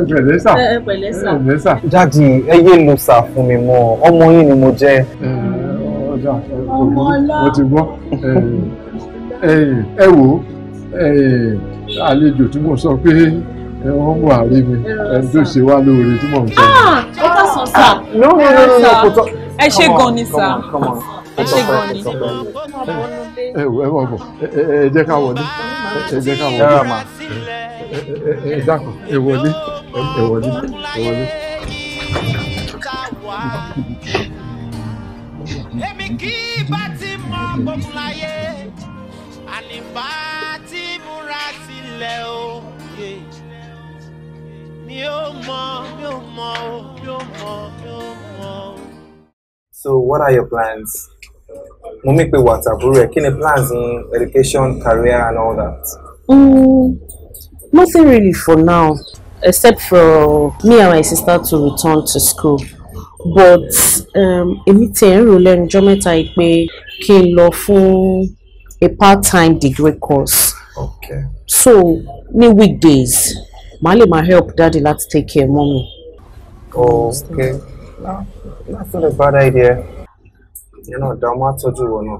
pẹ̀lẹ́ sà. ẹ pẹ̀lẹ́ sà. dáàdi ẹ yé lu sà fún mi mọ́ ọmọ yín ni mo jẹ́. Mm mo ti gbọ́ ẹ wò àlejò tí mo sọ pé ẹ wọ́n mú àárín mi ẹni tó ṣe wá lóore tí mò ń sọ. Ah, ẹ ká sàn sà ẹ ṣe gan ni sà ẹ ṣe gan ni. ẹ wo, ẹ wọ bọ ẹ jẹ́ ká wọlé ẹ jẹ́ ká wọlé ẹ dákun ẹ wọlé ẹ wọlé ẹ wọlé èmi kì í bá ti mọ gbogbo láyé àní bá o mi ò mọ mi ò mọ mi ò mọ mi ò mọ So what are your plans? Mo mi pe wàtàbúrò ẹ̀ kí ni plans in education, career and all that? Mm, nothing really for now except for me and my sister to return to school but Um, èmi tiẹ̀ ń rò lẹ́nu ọjọ́ mẹ́ta yìí pé kí n lọ fún a part-time degree course okay. so ní weekdays màá lè máa help daddy láti take care mommy. okay that's feel a bad idea you know dàmú àtọ́jú wọn náà.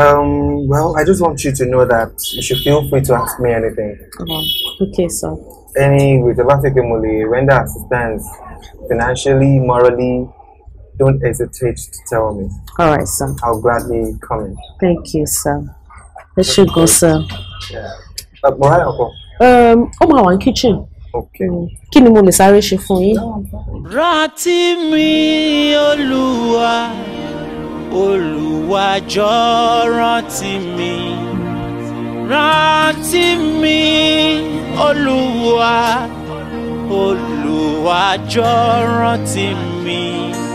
Um, well, I just want you to know that you should feel free to ask me anything. Um, okay, sir. Any with the last thing, render assistance financially, morally, Don't hesitate to tell me. All right, sir. I'll gladly come in. Thank you, sir. It you go, sir. Yeah. Uh, Mariah, um, ó máa wà kitchen. Okay. Mm. Kini mo lè sare ṣe fún yín? Rántí mi Olúwa, Olúwa jọ̀ọ́ rántí mi. Rántí mi Olúwa, Olúwa jọ̀ọ́ rántí mi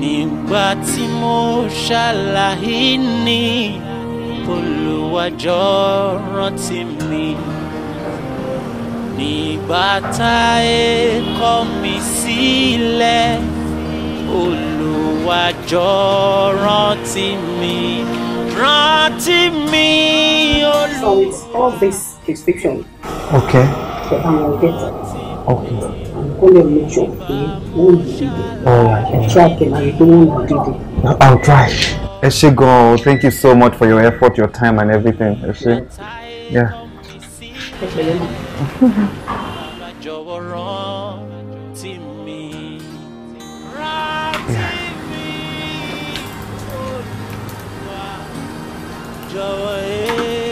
nígbà tí mo ṣàlàyé ní olùwàjọ rántí mi nígbà táyé kọ̀ mí sílẹ̀ olùwàjọ rántí mi rántí mi olùwàjọ. So it's all this description. Okay. So Okay kó lè mú jọ pé I'll try. ẹ go. thank you so much for your effort your time and everything ẹ Yeah.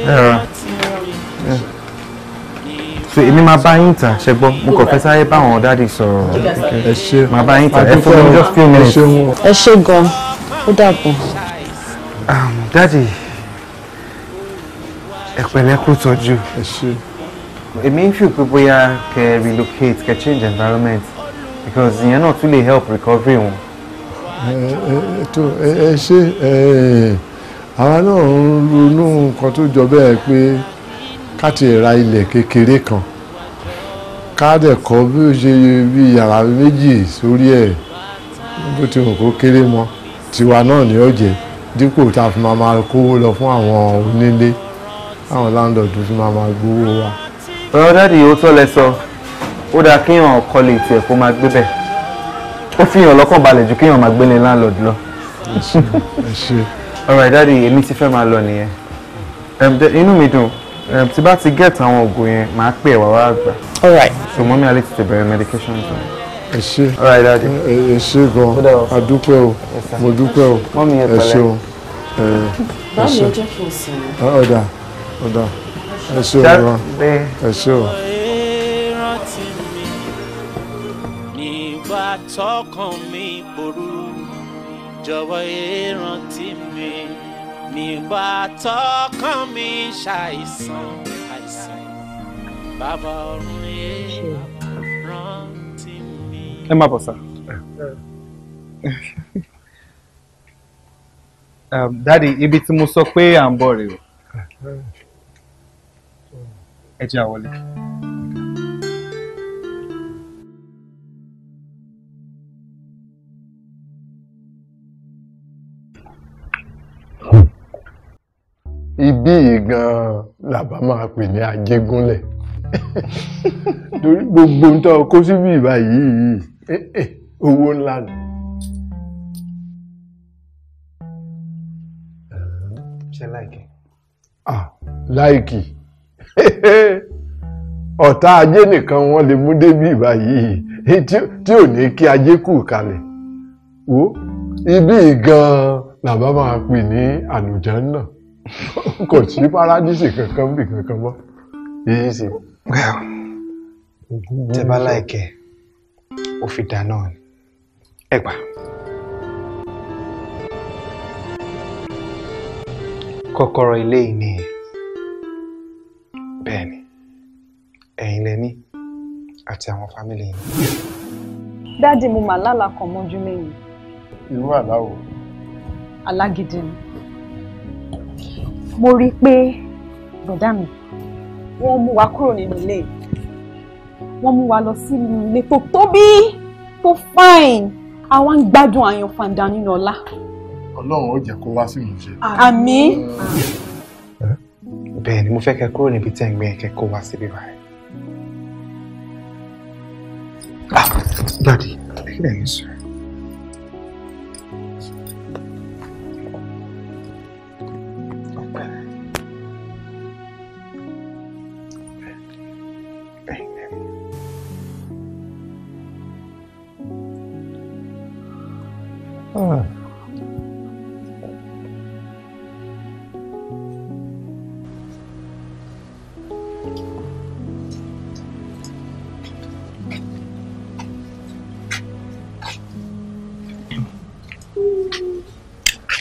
yeah. Yeah. yeah so èmi máa bá yín tàn ṣe gbọ́ mo kàn fẹ́ sáré bá àwọn dáàdì sọ̀rọ̀ ẹ ṣe máa bá yín tàn ẹ fún mi just few minutes. ẹ ṣe gan ó dàbọ̀. Um, dáàdì ẹ pẹ̀lẹ́ kú èmi ń fìwé bóyá kẹ relocate kẹ change environment because ìyẹn náà tún lè help recovery wọn. ẹ ṣe àwa náà ń ronú nǹkan tó jọ bẹ́ẹ̀ pé káti ra ilẹ̀ kékeré kan ká dẹ̀ kọ́ bí ó ṣe bí yàrá méjì sórí ẹ̀ bó ti hùn kó kéré mọ́ tiwa náà ni ó dípò tá a fi máa máa kówó lọ fún àwọn onílé àwọn láńdọ̀dù fi máa máa gbowó wa. ọ̀rọ̀ dáàdì ó tọ́ lẹ sọ ó dáa kéèyàn kọ́lé tiẹ̀ kó máa gbé bẹ̀ ó fi hàn lọ́kàn balẹ̀ ju kéèyàn máa gbélé láńlọ́ọ̀dù lọ. ẹ ṣe. dáàdì èmi ti fẹ́ máa lọ nìyẹn inú mi dùn Eh, tí bá ti get àwọn oògùn yẹn màá pè ẹ wá wá gbà. all right. so mọ́mí alẹ́ ti ti bẹ̀rẹ̀ medication jọ. ẹ ṣé all right daddy ẹ ṣé gan adúpẹ́ o mo dúpẹ́ o ẹ ṣeun ẹ ṣe ọ̀dà ọ̀dà ẹ ṣe ọ̀rọ̀ ẹ ṣe ọ̀. Ah, tọkàn mi ború jọ̀wọ́ ìrántí mi nígbà tọkàn mi ṣàìsàn àìsàn bàbá ọ̀run yé rántí mi. ẹ má bọ̀ sá. Um, dáàdi ibi tí mo sọ pé à ń bọ̀ rèé o ẹ jẹ́ àwọlé. bí gan-an làbá máa pè ní ajégúnlẹ̀ torí gbogbo ń tọ́ kó síbí báyìí eh, eh, owó ńlá ni. ṣe láìkì. ah láìkì ọ̀tá ajé nìkan wọ́n lè mú débí báyìí eh, tí ò ní kí ajé kù kalẹ̀ wo ibí gan-an làbá máa pè ní àlùjá náà kò sí paradísì kankan bí kankan mọ́ yìí sì. tẹ bá láìkẹ ó fi dà náà ni ẹ gbà. kọ́kọ́rọ́ ilé yìí ni bẹ́ẹ̀ ni ẹ̀yin lẹ ní àti àwọn fámìlì yìí. dáàdi mo mà lálàá kan mọ́jú mẹ́yìn. irú àlá wo. alágídí ni mo rí i pé bọ̀dá mi wọ́n mú wa kúrò nínú ilé wọ́n mú wa lọ sínú ilé tó tóbi tó fine àwa ń gbádùn àyàn fàǹdà nínú ọlá. ọlọ́run ó jẹ́ kó wá sí ìmúṣẹ. àmín. bẹ́ẹ̀ ni mo fẹ́ kẹ́ kúrò níbi tẹ́ ń gbé kẹ́ kó wá síbí báyìí. ah dadi kí lẹ́yìn sọ.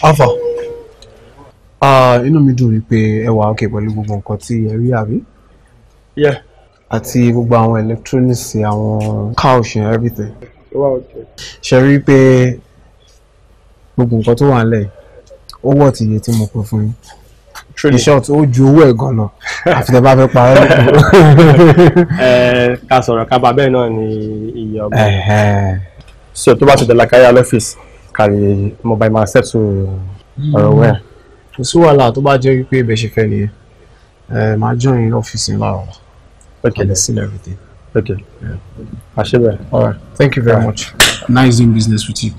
alpha ah, inú mi dùn ni pé ẹ wà òkè pẹ̀lú gbogbo nǹkan tí ẹ rí àbí. yeah àti gbogbo àwọn electronics àwọn couch and everything. ṣe rí i pé gbogbo nǹkan tó wà nílẹ̀ ó wọ̀ tí iye tí mo pè fún yín in short ó ju owó ẹ̀ gan-an àfi tẹ́ bá fẹ́ parẹ́ lóko. Eh, ká sọ̀rọ̀ ká bá bẹ́ẹ̀ náà ni iye ọgbọ́n. so tó bá ti dẹ̀ lọ́fíìsì carry mo by myself to ọ̀rọ̀ uh, hmm. wẹ̀. kò sí wàhálà tó bá jẹ́ wípé ibẹ̀ ṣe fẹ́ nìyẹn ẹ máa join in office ńlá ọ̀rọ̀ okay I seal everything. okay yeah. ashebe all right thank you very much nice doing business with you.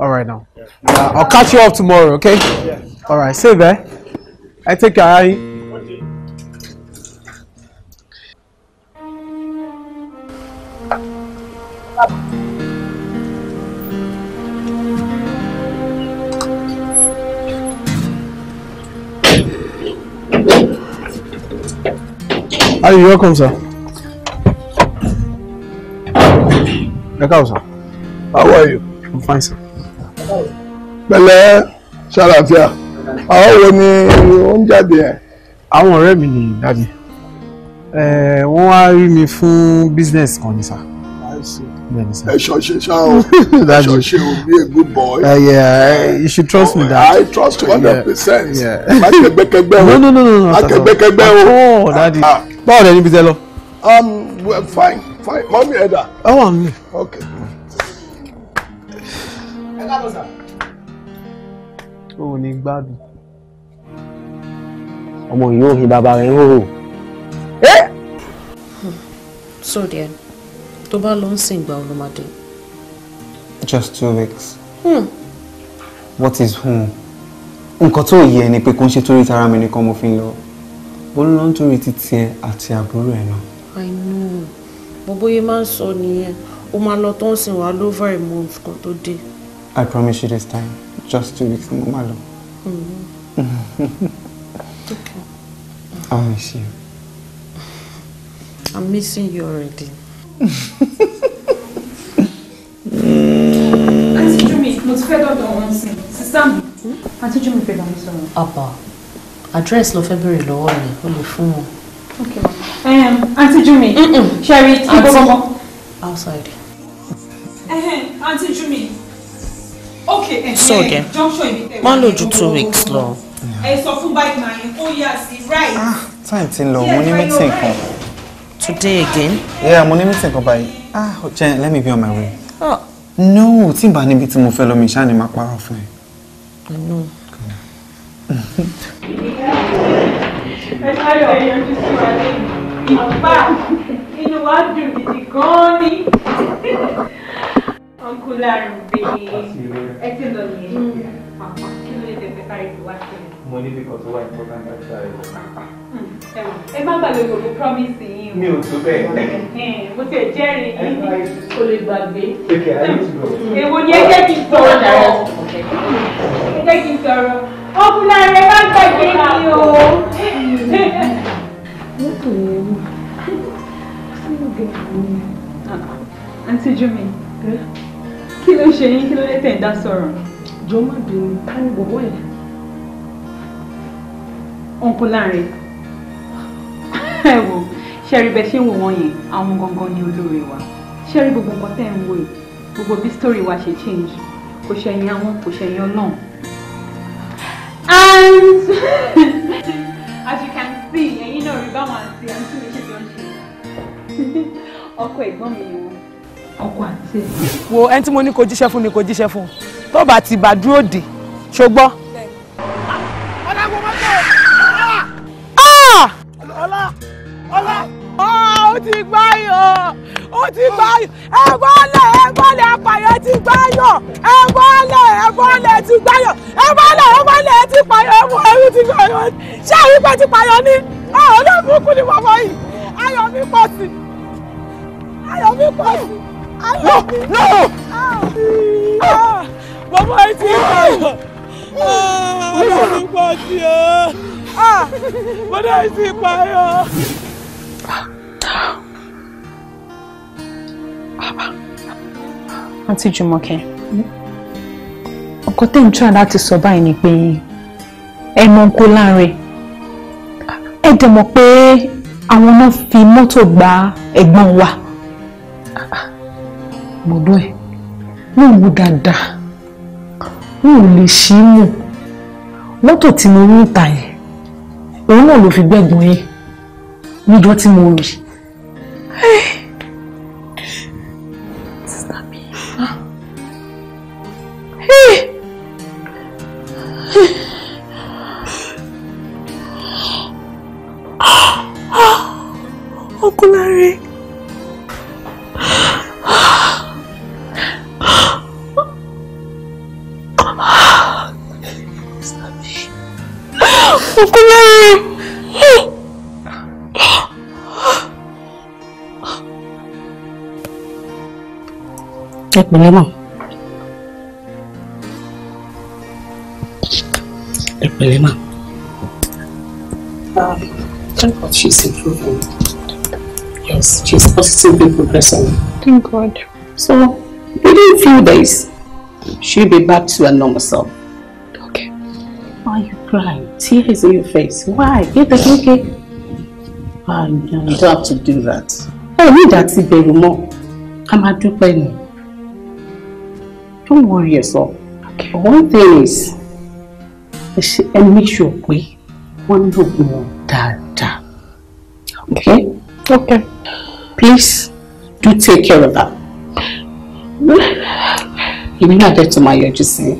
all right now uh, I'll catch you up tomorrow okay yeah. all right save eh I take care. I... Thank you. Are you welcome, sir? Welcome, sir. How are you? I'm fine, sir. Pẹ̀lẹ́ ṣàlàfíà. Àwọn wo ni ó ń jáde yẹn? Àwọn ọ̀rẹ́ mi ni dáàdi. Wọ́n wá rí mi fún business kan ní sá. Ẹ ṣọ̀ṣe ṣá o. Ẹ ṣọ̀ṣe o be a good boy. Uh, yeah, uh, you should trust oh, me that. I trust you hundred percent. Má kẹgbẹ́kẹgbẹ́ o. No no no no. Má o. Oh, ah, daddy. Ah báwo lẹ níbi tẹ lọ. um well, fine fine mọ́mí ẹ̀dá. ẹ wà nílẹ̀. ok. ẹ káàbọ̀ sà. o ò ní gbádùn. ọmọ yìí ò hin bàbá rẹ̀ ń hòhò. so dear tó bá lọ ń sìn ìgbà olómadé. just two weeks. Hmm. what is home? nǹkan tó yẹ ni pé kò ń ṣe torí tara mi nìkan mo fi ń lọ wọ́n ló ń torí títí ẹ àti àbúrò ẹ náà. I know mo bóyá máa ń sọ nìyẹn ó máa lọ tó ń sìn wá lóver a month kan tó dé. I promise you this time just two weeks ni mo máa lọ. Mm-hmm. Okay. I miss you. I'm missing you already. Àǹtí Júmi, mo ti fẹ́ dọ̀dọ̀ wọn sí. Sísá mi, àǹtí hmm? Júmi fẹ́ bá mi sọ̀rọ̀ address lo fẹ́ béèrè lọ́wọ́ rẹ̀ o lè fún wọn. okay um, aunty jumi sherry tí gbogbo. outside. aunty jumi okay so again wọ́n lo ju two weeks lọ. ẹ sọ fún bike man yẹn kó yà sí right. ah time ti lọ mo ní meeting kan. today again. yeah mo ní meeting kan báyìí ah jen let me be on my way. Oh. no tí n bá níbi tí mo fẹ́ lọ mi ṣáà ni máa parọ́ fún ẹ. i know ẹ sáré ọ̀rẹ́ yọjú sí wa lẹ́yìn ìfà inú wa dùn gidi gan-an ni ọ̀nkúlà rẹ̀ ẹ ti lọ yẹn pàpà kí ló lè tẹ̀sẹ̀ sáré tó wá sílẹ̀. mo ní bíkọ tó wà promise yín o. mi ò tó bẹ́ẹ̀. mo ti ẹ̀ jẹ́rìí yín ni lè gbàgbé. èwo ni ẹ jẹ́ kí n sọ̀rọ̀ ẹ jẹ́ kí n sọ̀rọ̀ ọkùnrin rẹ bá gbàgbé ni o. àǹtí jumi kí ló ṣe yín kí ló lè tẹ̀ ń dá sọ̀rọ̀. jọ má bínú ká ní bọ̀bọ̀ yẹn. ọ̀npọ̀ láàrin ẹ wò ṣẹ́rí bẹ́ẹ̀ ṣe ń wò ni olóore wa ṣẹ́rí gbogbo nǹkan tẹ́ ń wò yìí gbogbo bí story wa ṣe change kò ṣẹ̀yìn àwọn kò ṣẹ̀yìn ọlọ́run and as you can see ẹ̀yin náà rí báwọn àti àǹtí mi ṣe jọ ṣe ọkọ ẹ̀gbọ́n mi ni wọ́n ọkọ àǹtí ẹ̀. wo ẹni tí mo ní kó jíṣẹ́ fún ni kó jíṣẹ́ fún tó bá ti bá dúró dè ṣùgbọ́n. ọ̀làgbọ̀n mọ́tò ọ̀là ah! ah! ọ̀là ah! ó ti gbáyọ̀ ó ti gbáyọ̀ ẹ bọ́lẹ̀ ẹ bọ́lẹ̀ apààyàn ti gbáyọ̀ ẹ bọ́lẹ̀ ẹ bọ́lẹ̀ ti gbáyọ̀ ẹ bọ́lẹ̀ payọ mú ẹrú ti payọ ṣé ẹrú pẹ ti payọ ní ọ̀rọ̀ náà mú kú ní bàbá yìí ayọ̀ mi pọ̀ sí ayọ̀ mi pọ̀ sí ayọ̀ mi ah, bàbá yìí ti payọ ayọ̀ mi pọ̀ sí ọ ah, bàbá yìí ti payọ. àǹtí Jùmọ̀kẹ́ ọkọ tẹ̀ ń tíra láti sọ báyìí ni pé ẹ mọ nǹkó láre ẹ dẹ̀ mọ̀ pé àwọn náà fi mọ́tò gba ẹ̀gbọ́n wa gbọ́dọ̀ ẹ̀ wọ́n wù dáadáa wọ́n ò lè ṣí mù mọ́tò tí mo rí ìta yẹn òun náà ló fi gbẹ́gbọ́n yẹn níjọ́ tí mo rí. Bakit? thank God she's improving. Yes, she's positively progressing. Thank God. So, within a few days, she'll be back to her normal self. Okay. Why are you crying? Tears in your face. Why? Get the cookie. Oh, ah, no, you don't have to do that. Oh, you need that to be more. I'm happy duper. don't worry yourself. Okay. But one thing is, and make sure pé one lò wọ́n dáadáa. Okay? Okay. Please do take care of that. Èmi náà dẹ̀ tún máa yọjú sí i.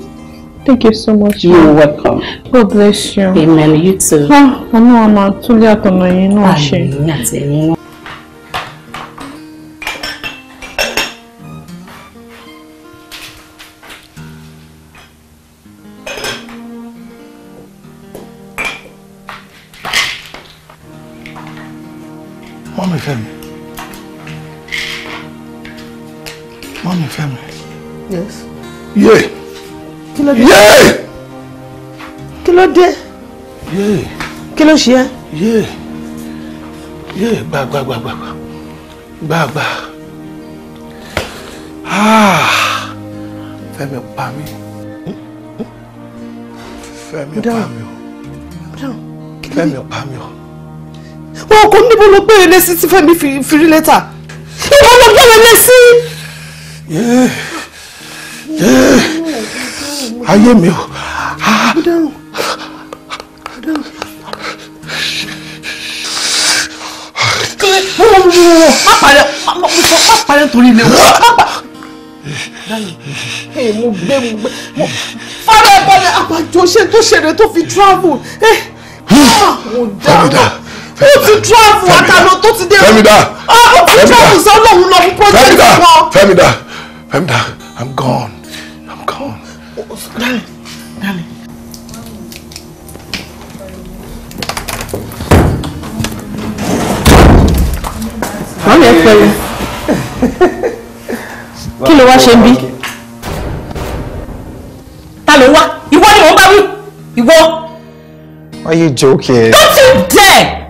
Thank you so much. You're man. welcome. God bless you. Amen. You too. Ah, ọ̀nà I'm not àtọ̀nà yín náà ṣe. Àmì àtẹ̀yìn náà. Fẹ́mi. Mọ́mí Fẹ́mi. Yes. Yé. Kí ló dé? Yé. Kí ló dé? Yé. Kí ló ṣe ẹ́? Yé. Yé gbàgbàgbàgbà. Gbàgbà. Fẹ́mi pa mí. Fẹ́mi pa mí o. Fẹ́mi pa mí o gbọ́ ọkọ níbo ló gbé relé sí tí fẹ́mi fi rí lẹ́tà ìbò ló gbé relé sí. ayé mi o. má parẹ́ má parẹ́ torí ilé o ẹ mo gbé mo gbé mo fara balẹ̀ àbájọ ṣe tó ṣẹlẹ̀ tó fi travel ẹ eh, hmm. ah, mo dáhùn ó ti travel àtàlọ tó ti dé. fẹ́mi dá ah, ó ti travel sọ́nà òun lọ fún project wọn. fẹ́mi dá fẹ́mi dá i'm gone i'm gone. darling darling. wọ́n lè pẹ́ yẹn kí ló wá ṣe ń bí ta ló wá ìwọ ni mò ń bá wí ìwọ. why you joking. don't you dare.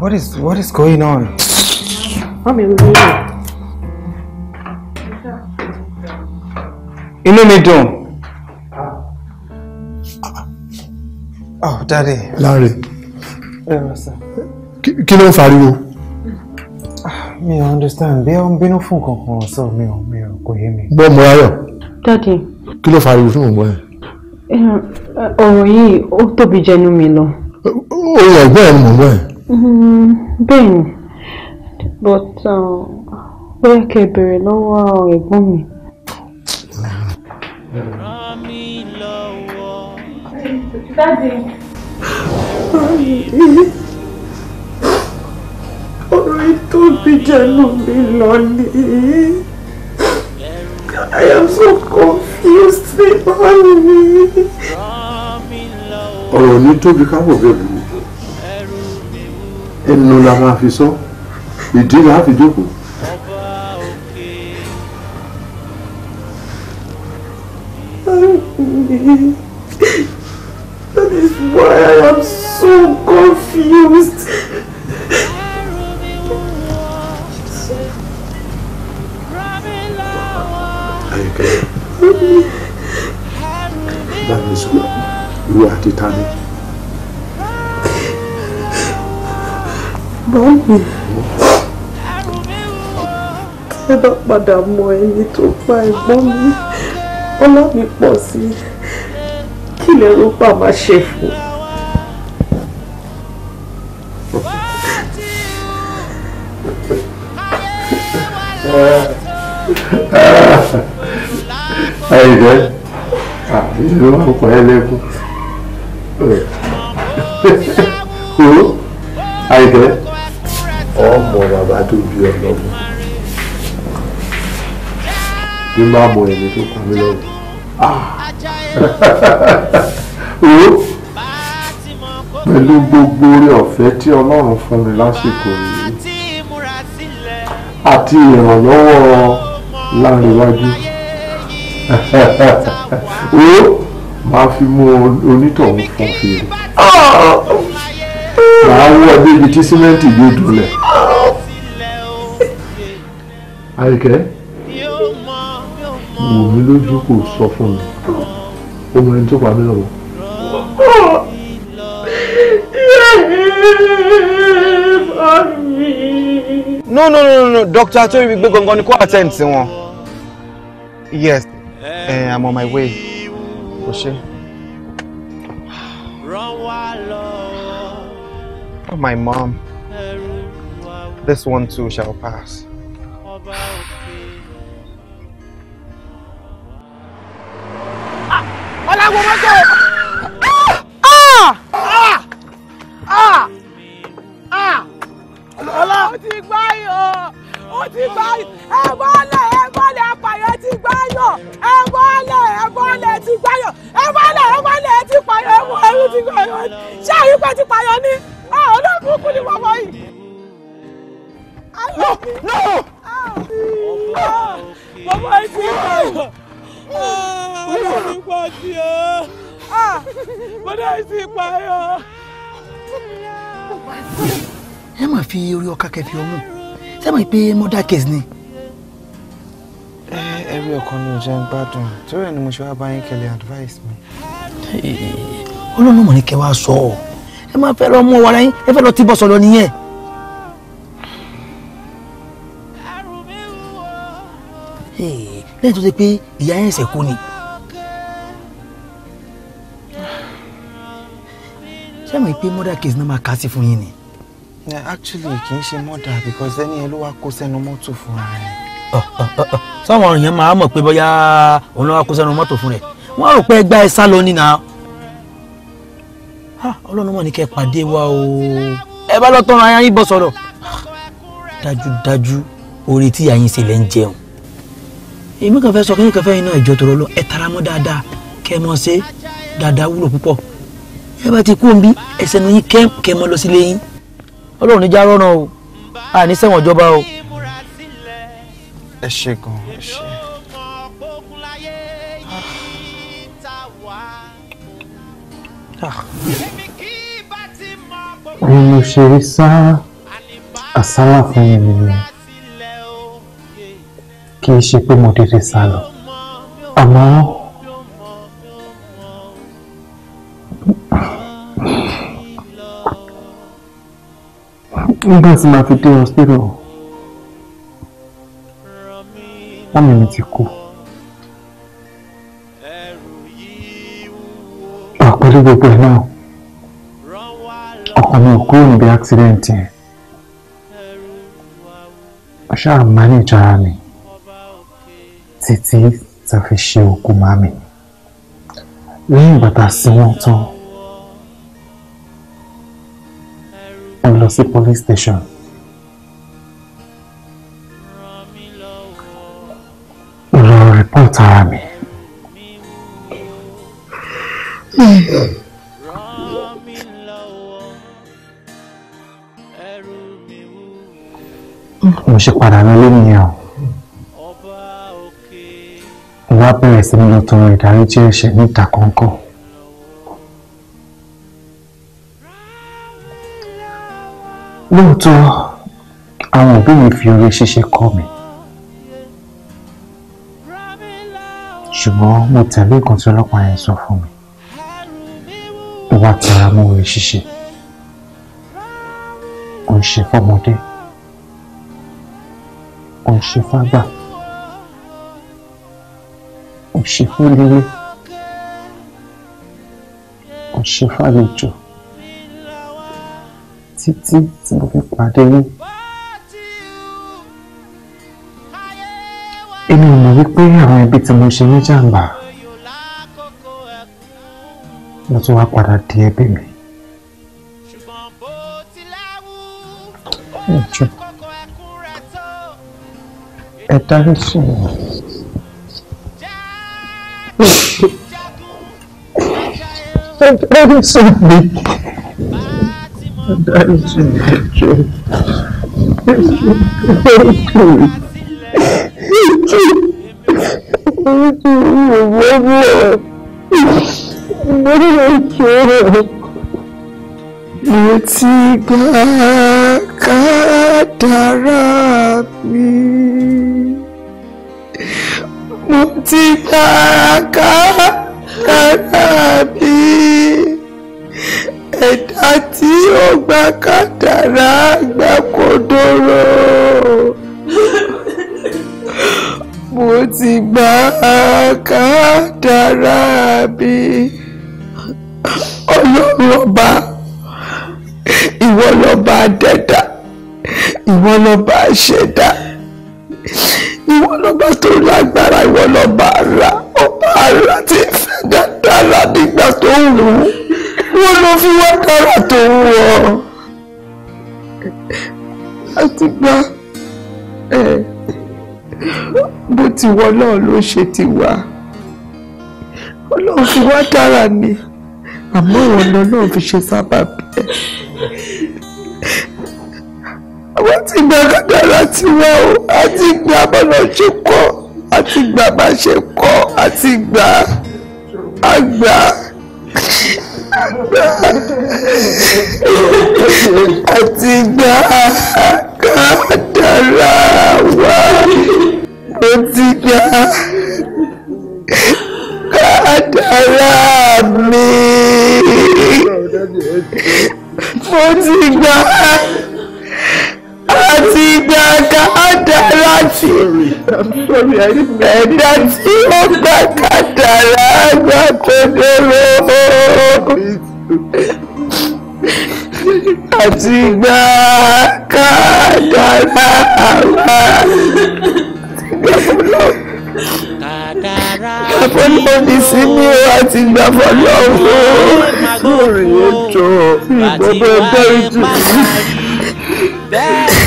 What is what is going on? Mami ò rí rẹ̀. Inú mi dùn. Oh, daddy. Larry. Kí ló ń fariwo? Mi ò understand bí ó ń bínú fún kankan ọ̀sọ́ mi ò mi ò kò yé mi. Gbọ́ mo ráyọ̀. Daddy. Kí ló fariwo fún òun ẹ̀? Ọ̀rọ̀ yìí ó tóbi jẹnu mi lọ. Ó yẹ ẹ̀gbọ́n ẹ̀ mọ̀ Mm-hmm. bẹ́ẹ̀ ni but bóyá uh, kẹ́ ẹ béèrè lọ́wọ́ ẹ̀gbọ́n mi. Daddy. Ọ̀rọ̀ ìtòbí jẹnu mi lọ ni. I am so confused nípa mi. Ọ̀rọ̀ ní tóbi ká wò bẹ́ẹ̀ bù ẹnu la máa fi sọ ìdí la fi jókòó. That is why I am so confused. Ayike, that is why you are determined. Bọ́ọ̀mì, ẹ bá padà mọ ẹni tó pa ẹ̀gbọ́n mi, ọlá mi pọ̀ sí i, kí lẹ rò pa máa ṣe fún? Àìjẹ́, àbí ah, ló máa ń pọ̀ ẹ́ lẹ́kún. Àìjẹ́ ọmọ bàbá tó bí ọlọ́mọ bí má mọ ẹni tó pa mí lọ́rùn ah! o pẹ̀lú gbogbo oore ọ̀fẹ́ tí ọlọ́run fún mi lásìkò yìí àti ìrànlọ́wọ́ láríwájú o máa fi mú onítọ̀hún fún fèrè ah! máa wọ débi tí símẹ́ǹtì yóò dúnlẹ̀ àríkẹ́ wò mí lójú kò sọ fún mi ọmọ ẹni tó pa mí lọ́wọ́. no no no no doctor tó ibi gbé gangan ni kó attend sí wọn yes uh, i'm on my way kò ṣe. Oh, my mom. This one too shall pass. ẹ máa fi orí ọkà kẹfì ọmú ṣé máa pé murder case ni. ẹrí ọkàn ni ò jẹ́ ń gbádùn torí ẹ̀ ni mo ṣe wá bá yín kẹlẹ̀ advice mi. ọlọ́run mọ̀ ní kẹ́ wá sọ ọ́ ẹ máa fẹ́ lọ mú ọwọ́ ara yín ẹ fẹ́ lọ tí bọ́sọ̀ lọ nìyẹn. lẹ́yìn tó ṣe pé ìyá yẹn ṣẹ̀kú ni. mi pé mọ́dà case náà máa kà sí fún yín ni. actually kì í ṣe mọ́dà because ẹni ẹ ló wá kó sẹ́nu mọ́tò fún ara rẹ̀. sáwọn èèyàn máa mọ̀ pé bóyá òun ló wá kó sẹ́nu mọ́tò fún rẹ̀ wọ́n rò pé ẹgbà ẹ sá lọ nínà ọlọ́run mọ̀ ní kẹ́ pàdé wa o ẹ bá lọ tọrọ ayáyín bọ́ sọ̀rọ̀ dájúdájú orí tí àyín ṣe lẹ́ ń jẹun èmi kàn fẹ́ sọ kí n kàn fẹ́ iná ìjọ tòrọ lọ ẹ bá ti kú òun bí ẹsẹ̀ nu yín kẹ́ mọ́ lọ sílé yín ọlọ́run níjà rọ́nà o àní sẹ́wọ̀n ìjọba o. ẹ ṣe gan ẹ ṣe. bí mo ṣe rí sá àsálà fún mi nìyẹn kì í ṣe pé mo dédé sá lọ àmọ́. nígbà tí màá fi dé hospital wọ́n mi ti kú. gbà pẹ̀lú gbogbo ẹ̀ náà ọkàn mi ò kúrò níbi accident yẹn mo ṣáà mi títí tá a fi ṣe òkú màmí lẹ́yìn bàtà sí wọn tán. mo lọ sí police station. mo lọ report ara mi. mo ṣe padà lọ lé nìyẹn o mo wá bẹ̀rẹ̀ sí ní lọ tọrọ ìdáríjì ẹ̀ṣẹ̀ níta kọ̀ọ̀kan. lóòótọ́ àwọn òbí mi fi oore ṣíṣe kọ́ mi ṣùgbọ́n mo tẹ̀lé nǹkan tí ọlọ́pàá yẹn sọ fún mi ó wá tara mọ́ oore ṣíṣe ó ń ṣe fọ́mọdé ó ń ṣe fágbà ó ń ṣe fún lílé ó ń ṣe fálejò títí tí mo fi pàdé yín. èmi ò mọ̀ wípé àwọn ẹbí tí mo ṣe ní jàǹbá mo tún wá padà di ẹbí mi. ẹ jù ẹ dárí sùn wọn. Don't, don't do something dáríjì mi jọ mo ti gbà kádàrá mi mo ti gbà kádàrá mi ẹ̀dá tí ó gba kádàrá gba kòdòrò mo ti gba kádàrá mi ọlọ́run ọba ìwọ lọ́ba dẹ́dà ìwọ lọ́ba ṣẹ̀dá ìwọ lọ́ba tó lágbára ìwọ lọ́ba ara ọba ara ti fẹ́ dáadáa nígbà tó ń lò ó wọ́n lọ fi wá dára tó ń wọ̀ àtìgbà bó ti wọ náà ló ṣe ti wá ọlọ́run fi wá dára ni àmọ́ ìwọ náà náà fi ṣe sábà bẹ́ẹ̀ àwọn ti gbà kádàrá tiwa o àti gbà bọ́lá ṣe kọ́ àti gbà bá ṣe kọ́ àti gbà á gbà àti gbà kádàrá wa mo ti gbà kádàrá mi mo ti gbà àti gbà kádàrá dátì ẹ̀dá tí ó gbà kàdàrà àgbà tó dérò àti gbà kàdàrà àgbà àfọlọ́ọ̀dì sí mi ó àti gbà fọlọ́ọ̀hún lórí ètò ìgbọ́dọ̀ bẹ́ẹ̀ jù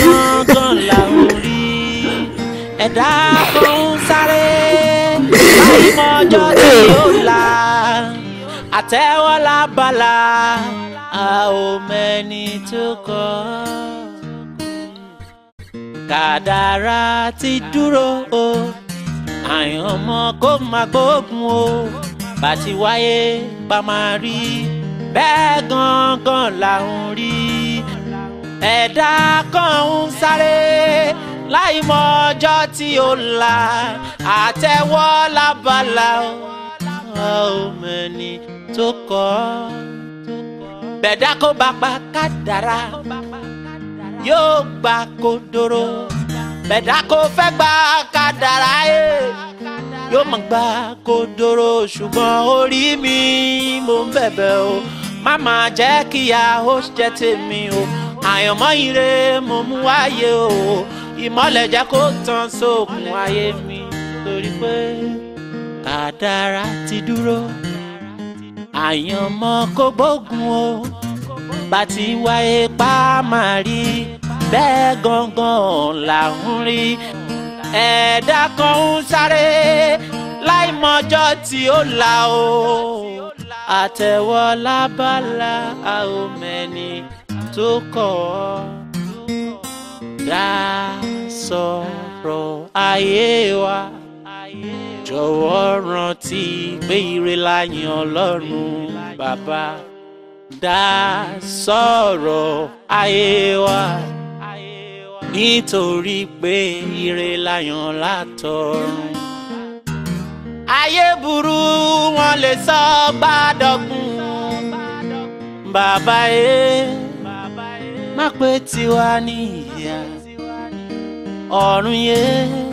ẹ̀dá kan sáré àìmọ̀ ọjọ́ tí ó là àtẹ́wọ́ lábala a ò mẹ́ni tó kọ́. kàdàrà ti dúró o àyànmọ́ kó má gbógun o bá ti wáyé bá máa rí bẹ́ẹ̀ gangan là rí ẹ̀dá kan ń sáré láì mọ ọjọ́ tí ó là àtẹwọ́ lábala ọmọnì tó kọ́ bẹ̀dá kó bá pa kádàrá yóò gba kodoro bẹ̀dá kó fẹ́ gba kádàrá yìí eh, yóò mọ̀ gba kodoro ṣùgbọ́n orí mi mo ń bẹ̀bẹ̀ o má máa jẹ́ kíyà jẹ́ tèmi o àyànmọ́ ire mo mú wáyé o ìmọ́lẹ̀ jẹ́ kó tàn sókun ayé mi torí pé kádàrá ti dúró àyànmọ́ kó gbógun o bá ti wá ipá máa rí bẹ́ẹ̀ gangan là rí ẹ̀dá kan ń sáré láìmọjọ́ tí ó là o àtẹ̀wọ́ lábala àomẹ́ni tó kọ̀ ọ́ lásọ̀rọ̀ ayé wa jọ̀wọ́ rántí pé ire la yìn ọlọ́run bàbá dá sọ̀rọ̀ ayé wa nítorí pé ire la yàn látọ̀run. ayé burú wọn lè sọ gbàdọ̀gùn bàbá ẹ e, má pé tiwa níyà ọ̀run yẹn.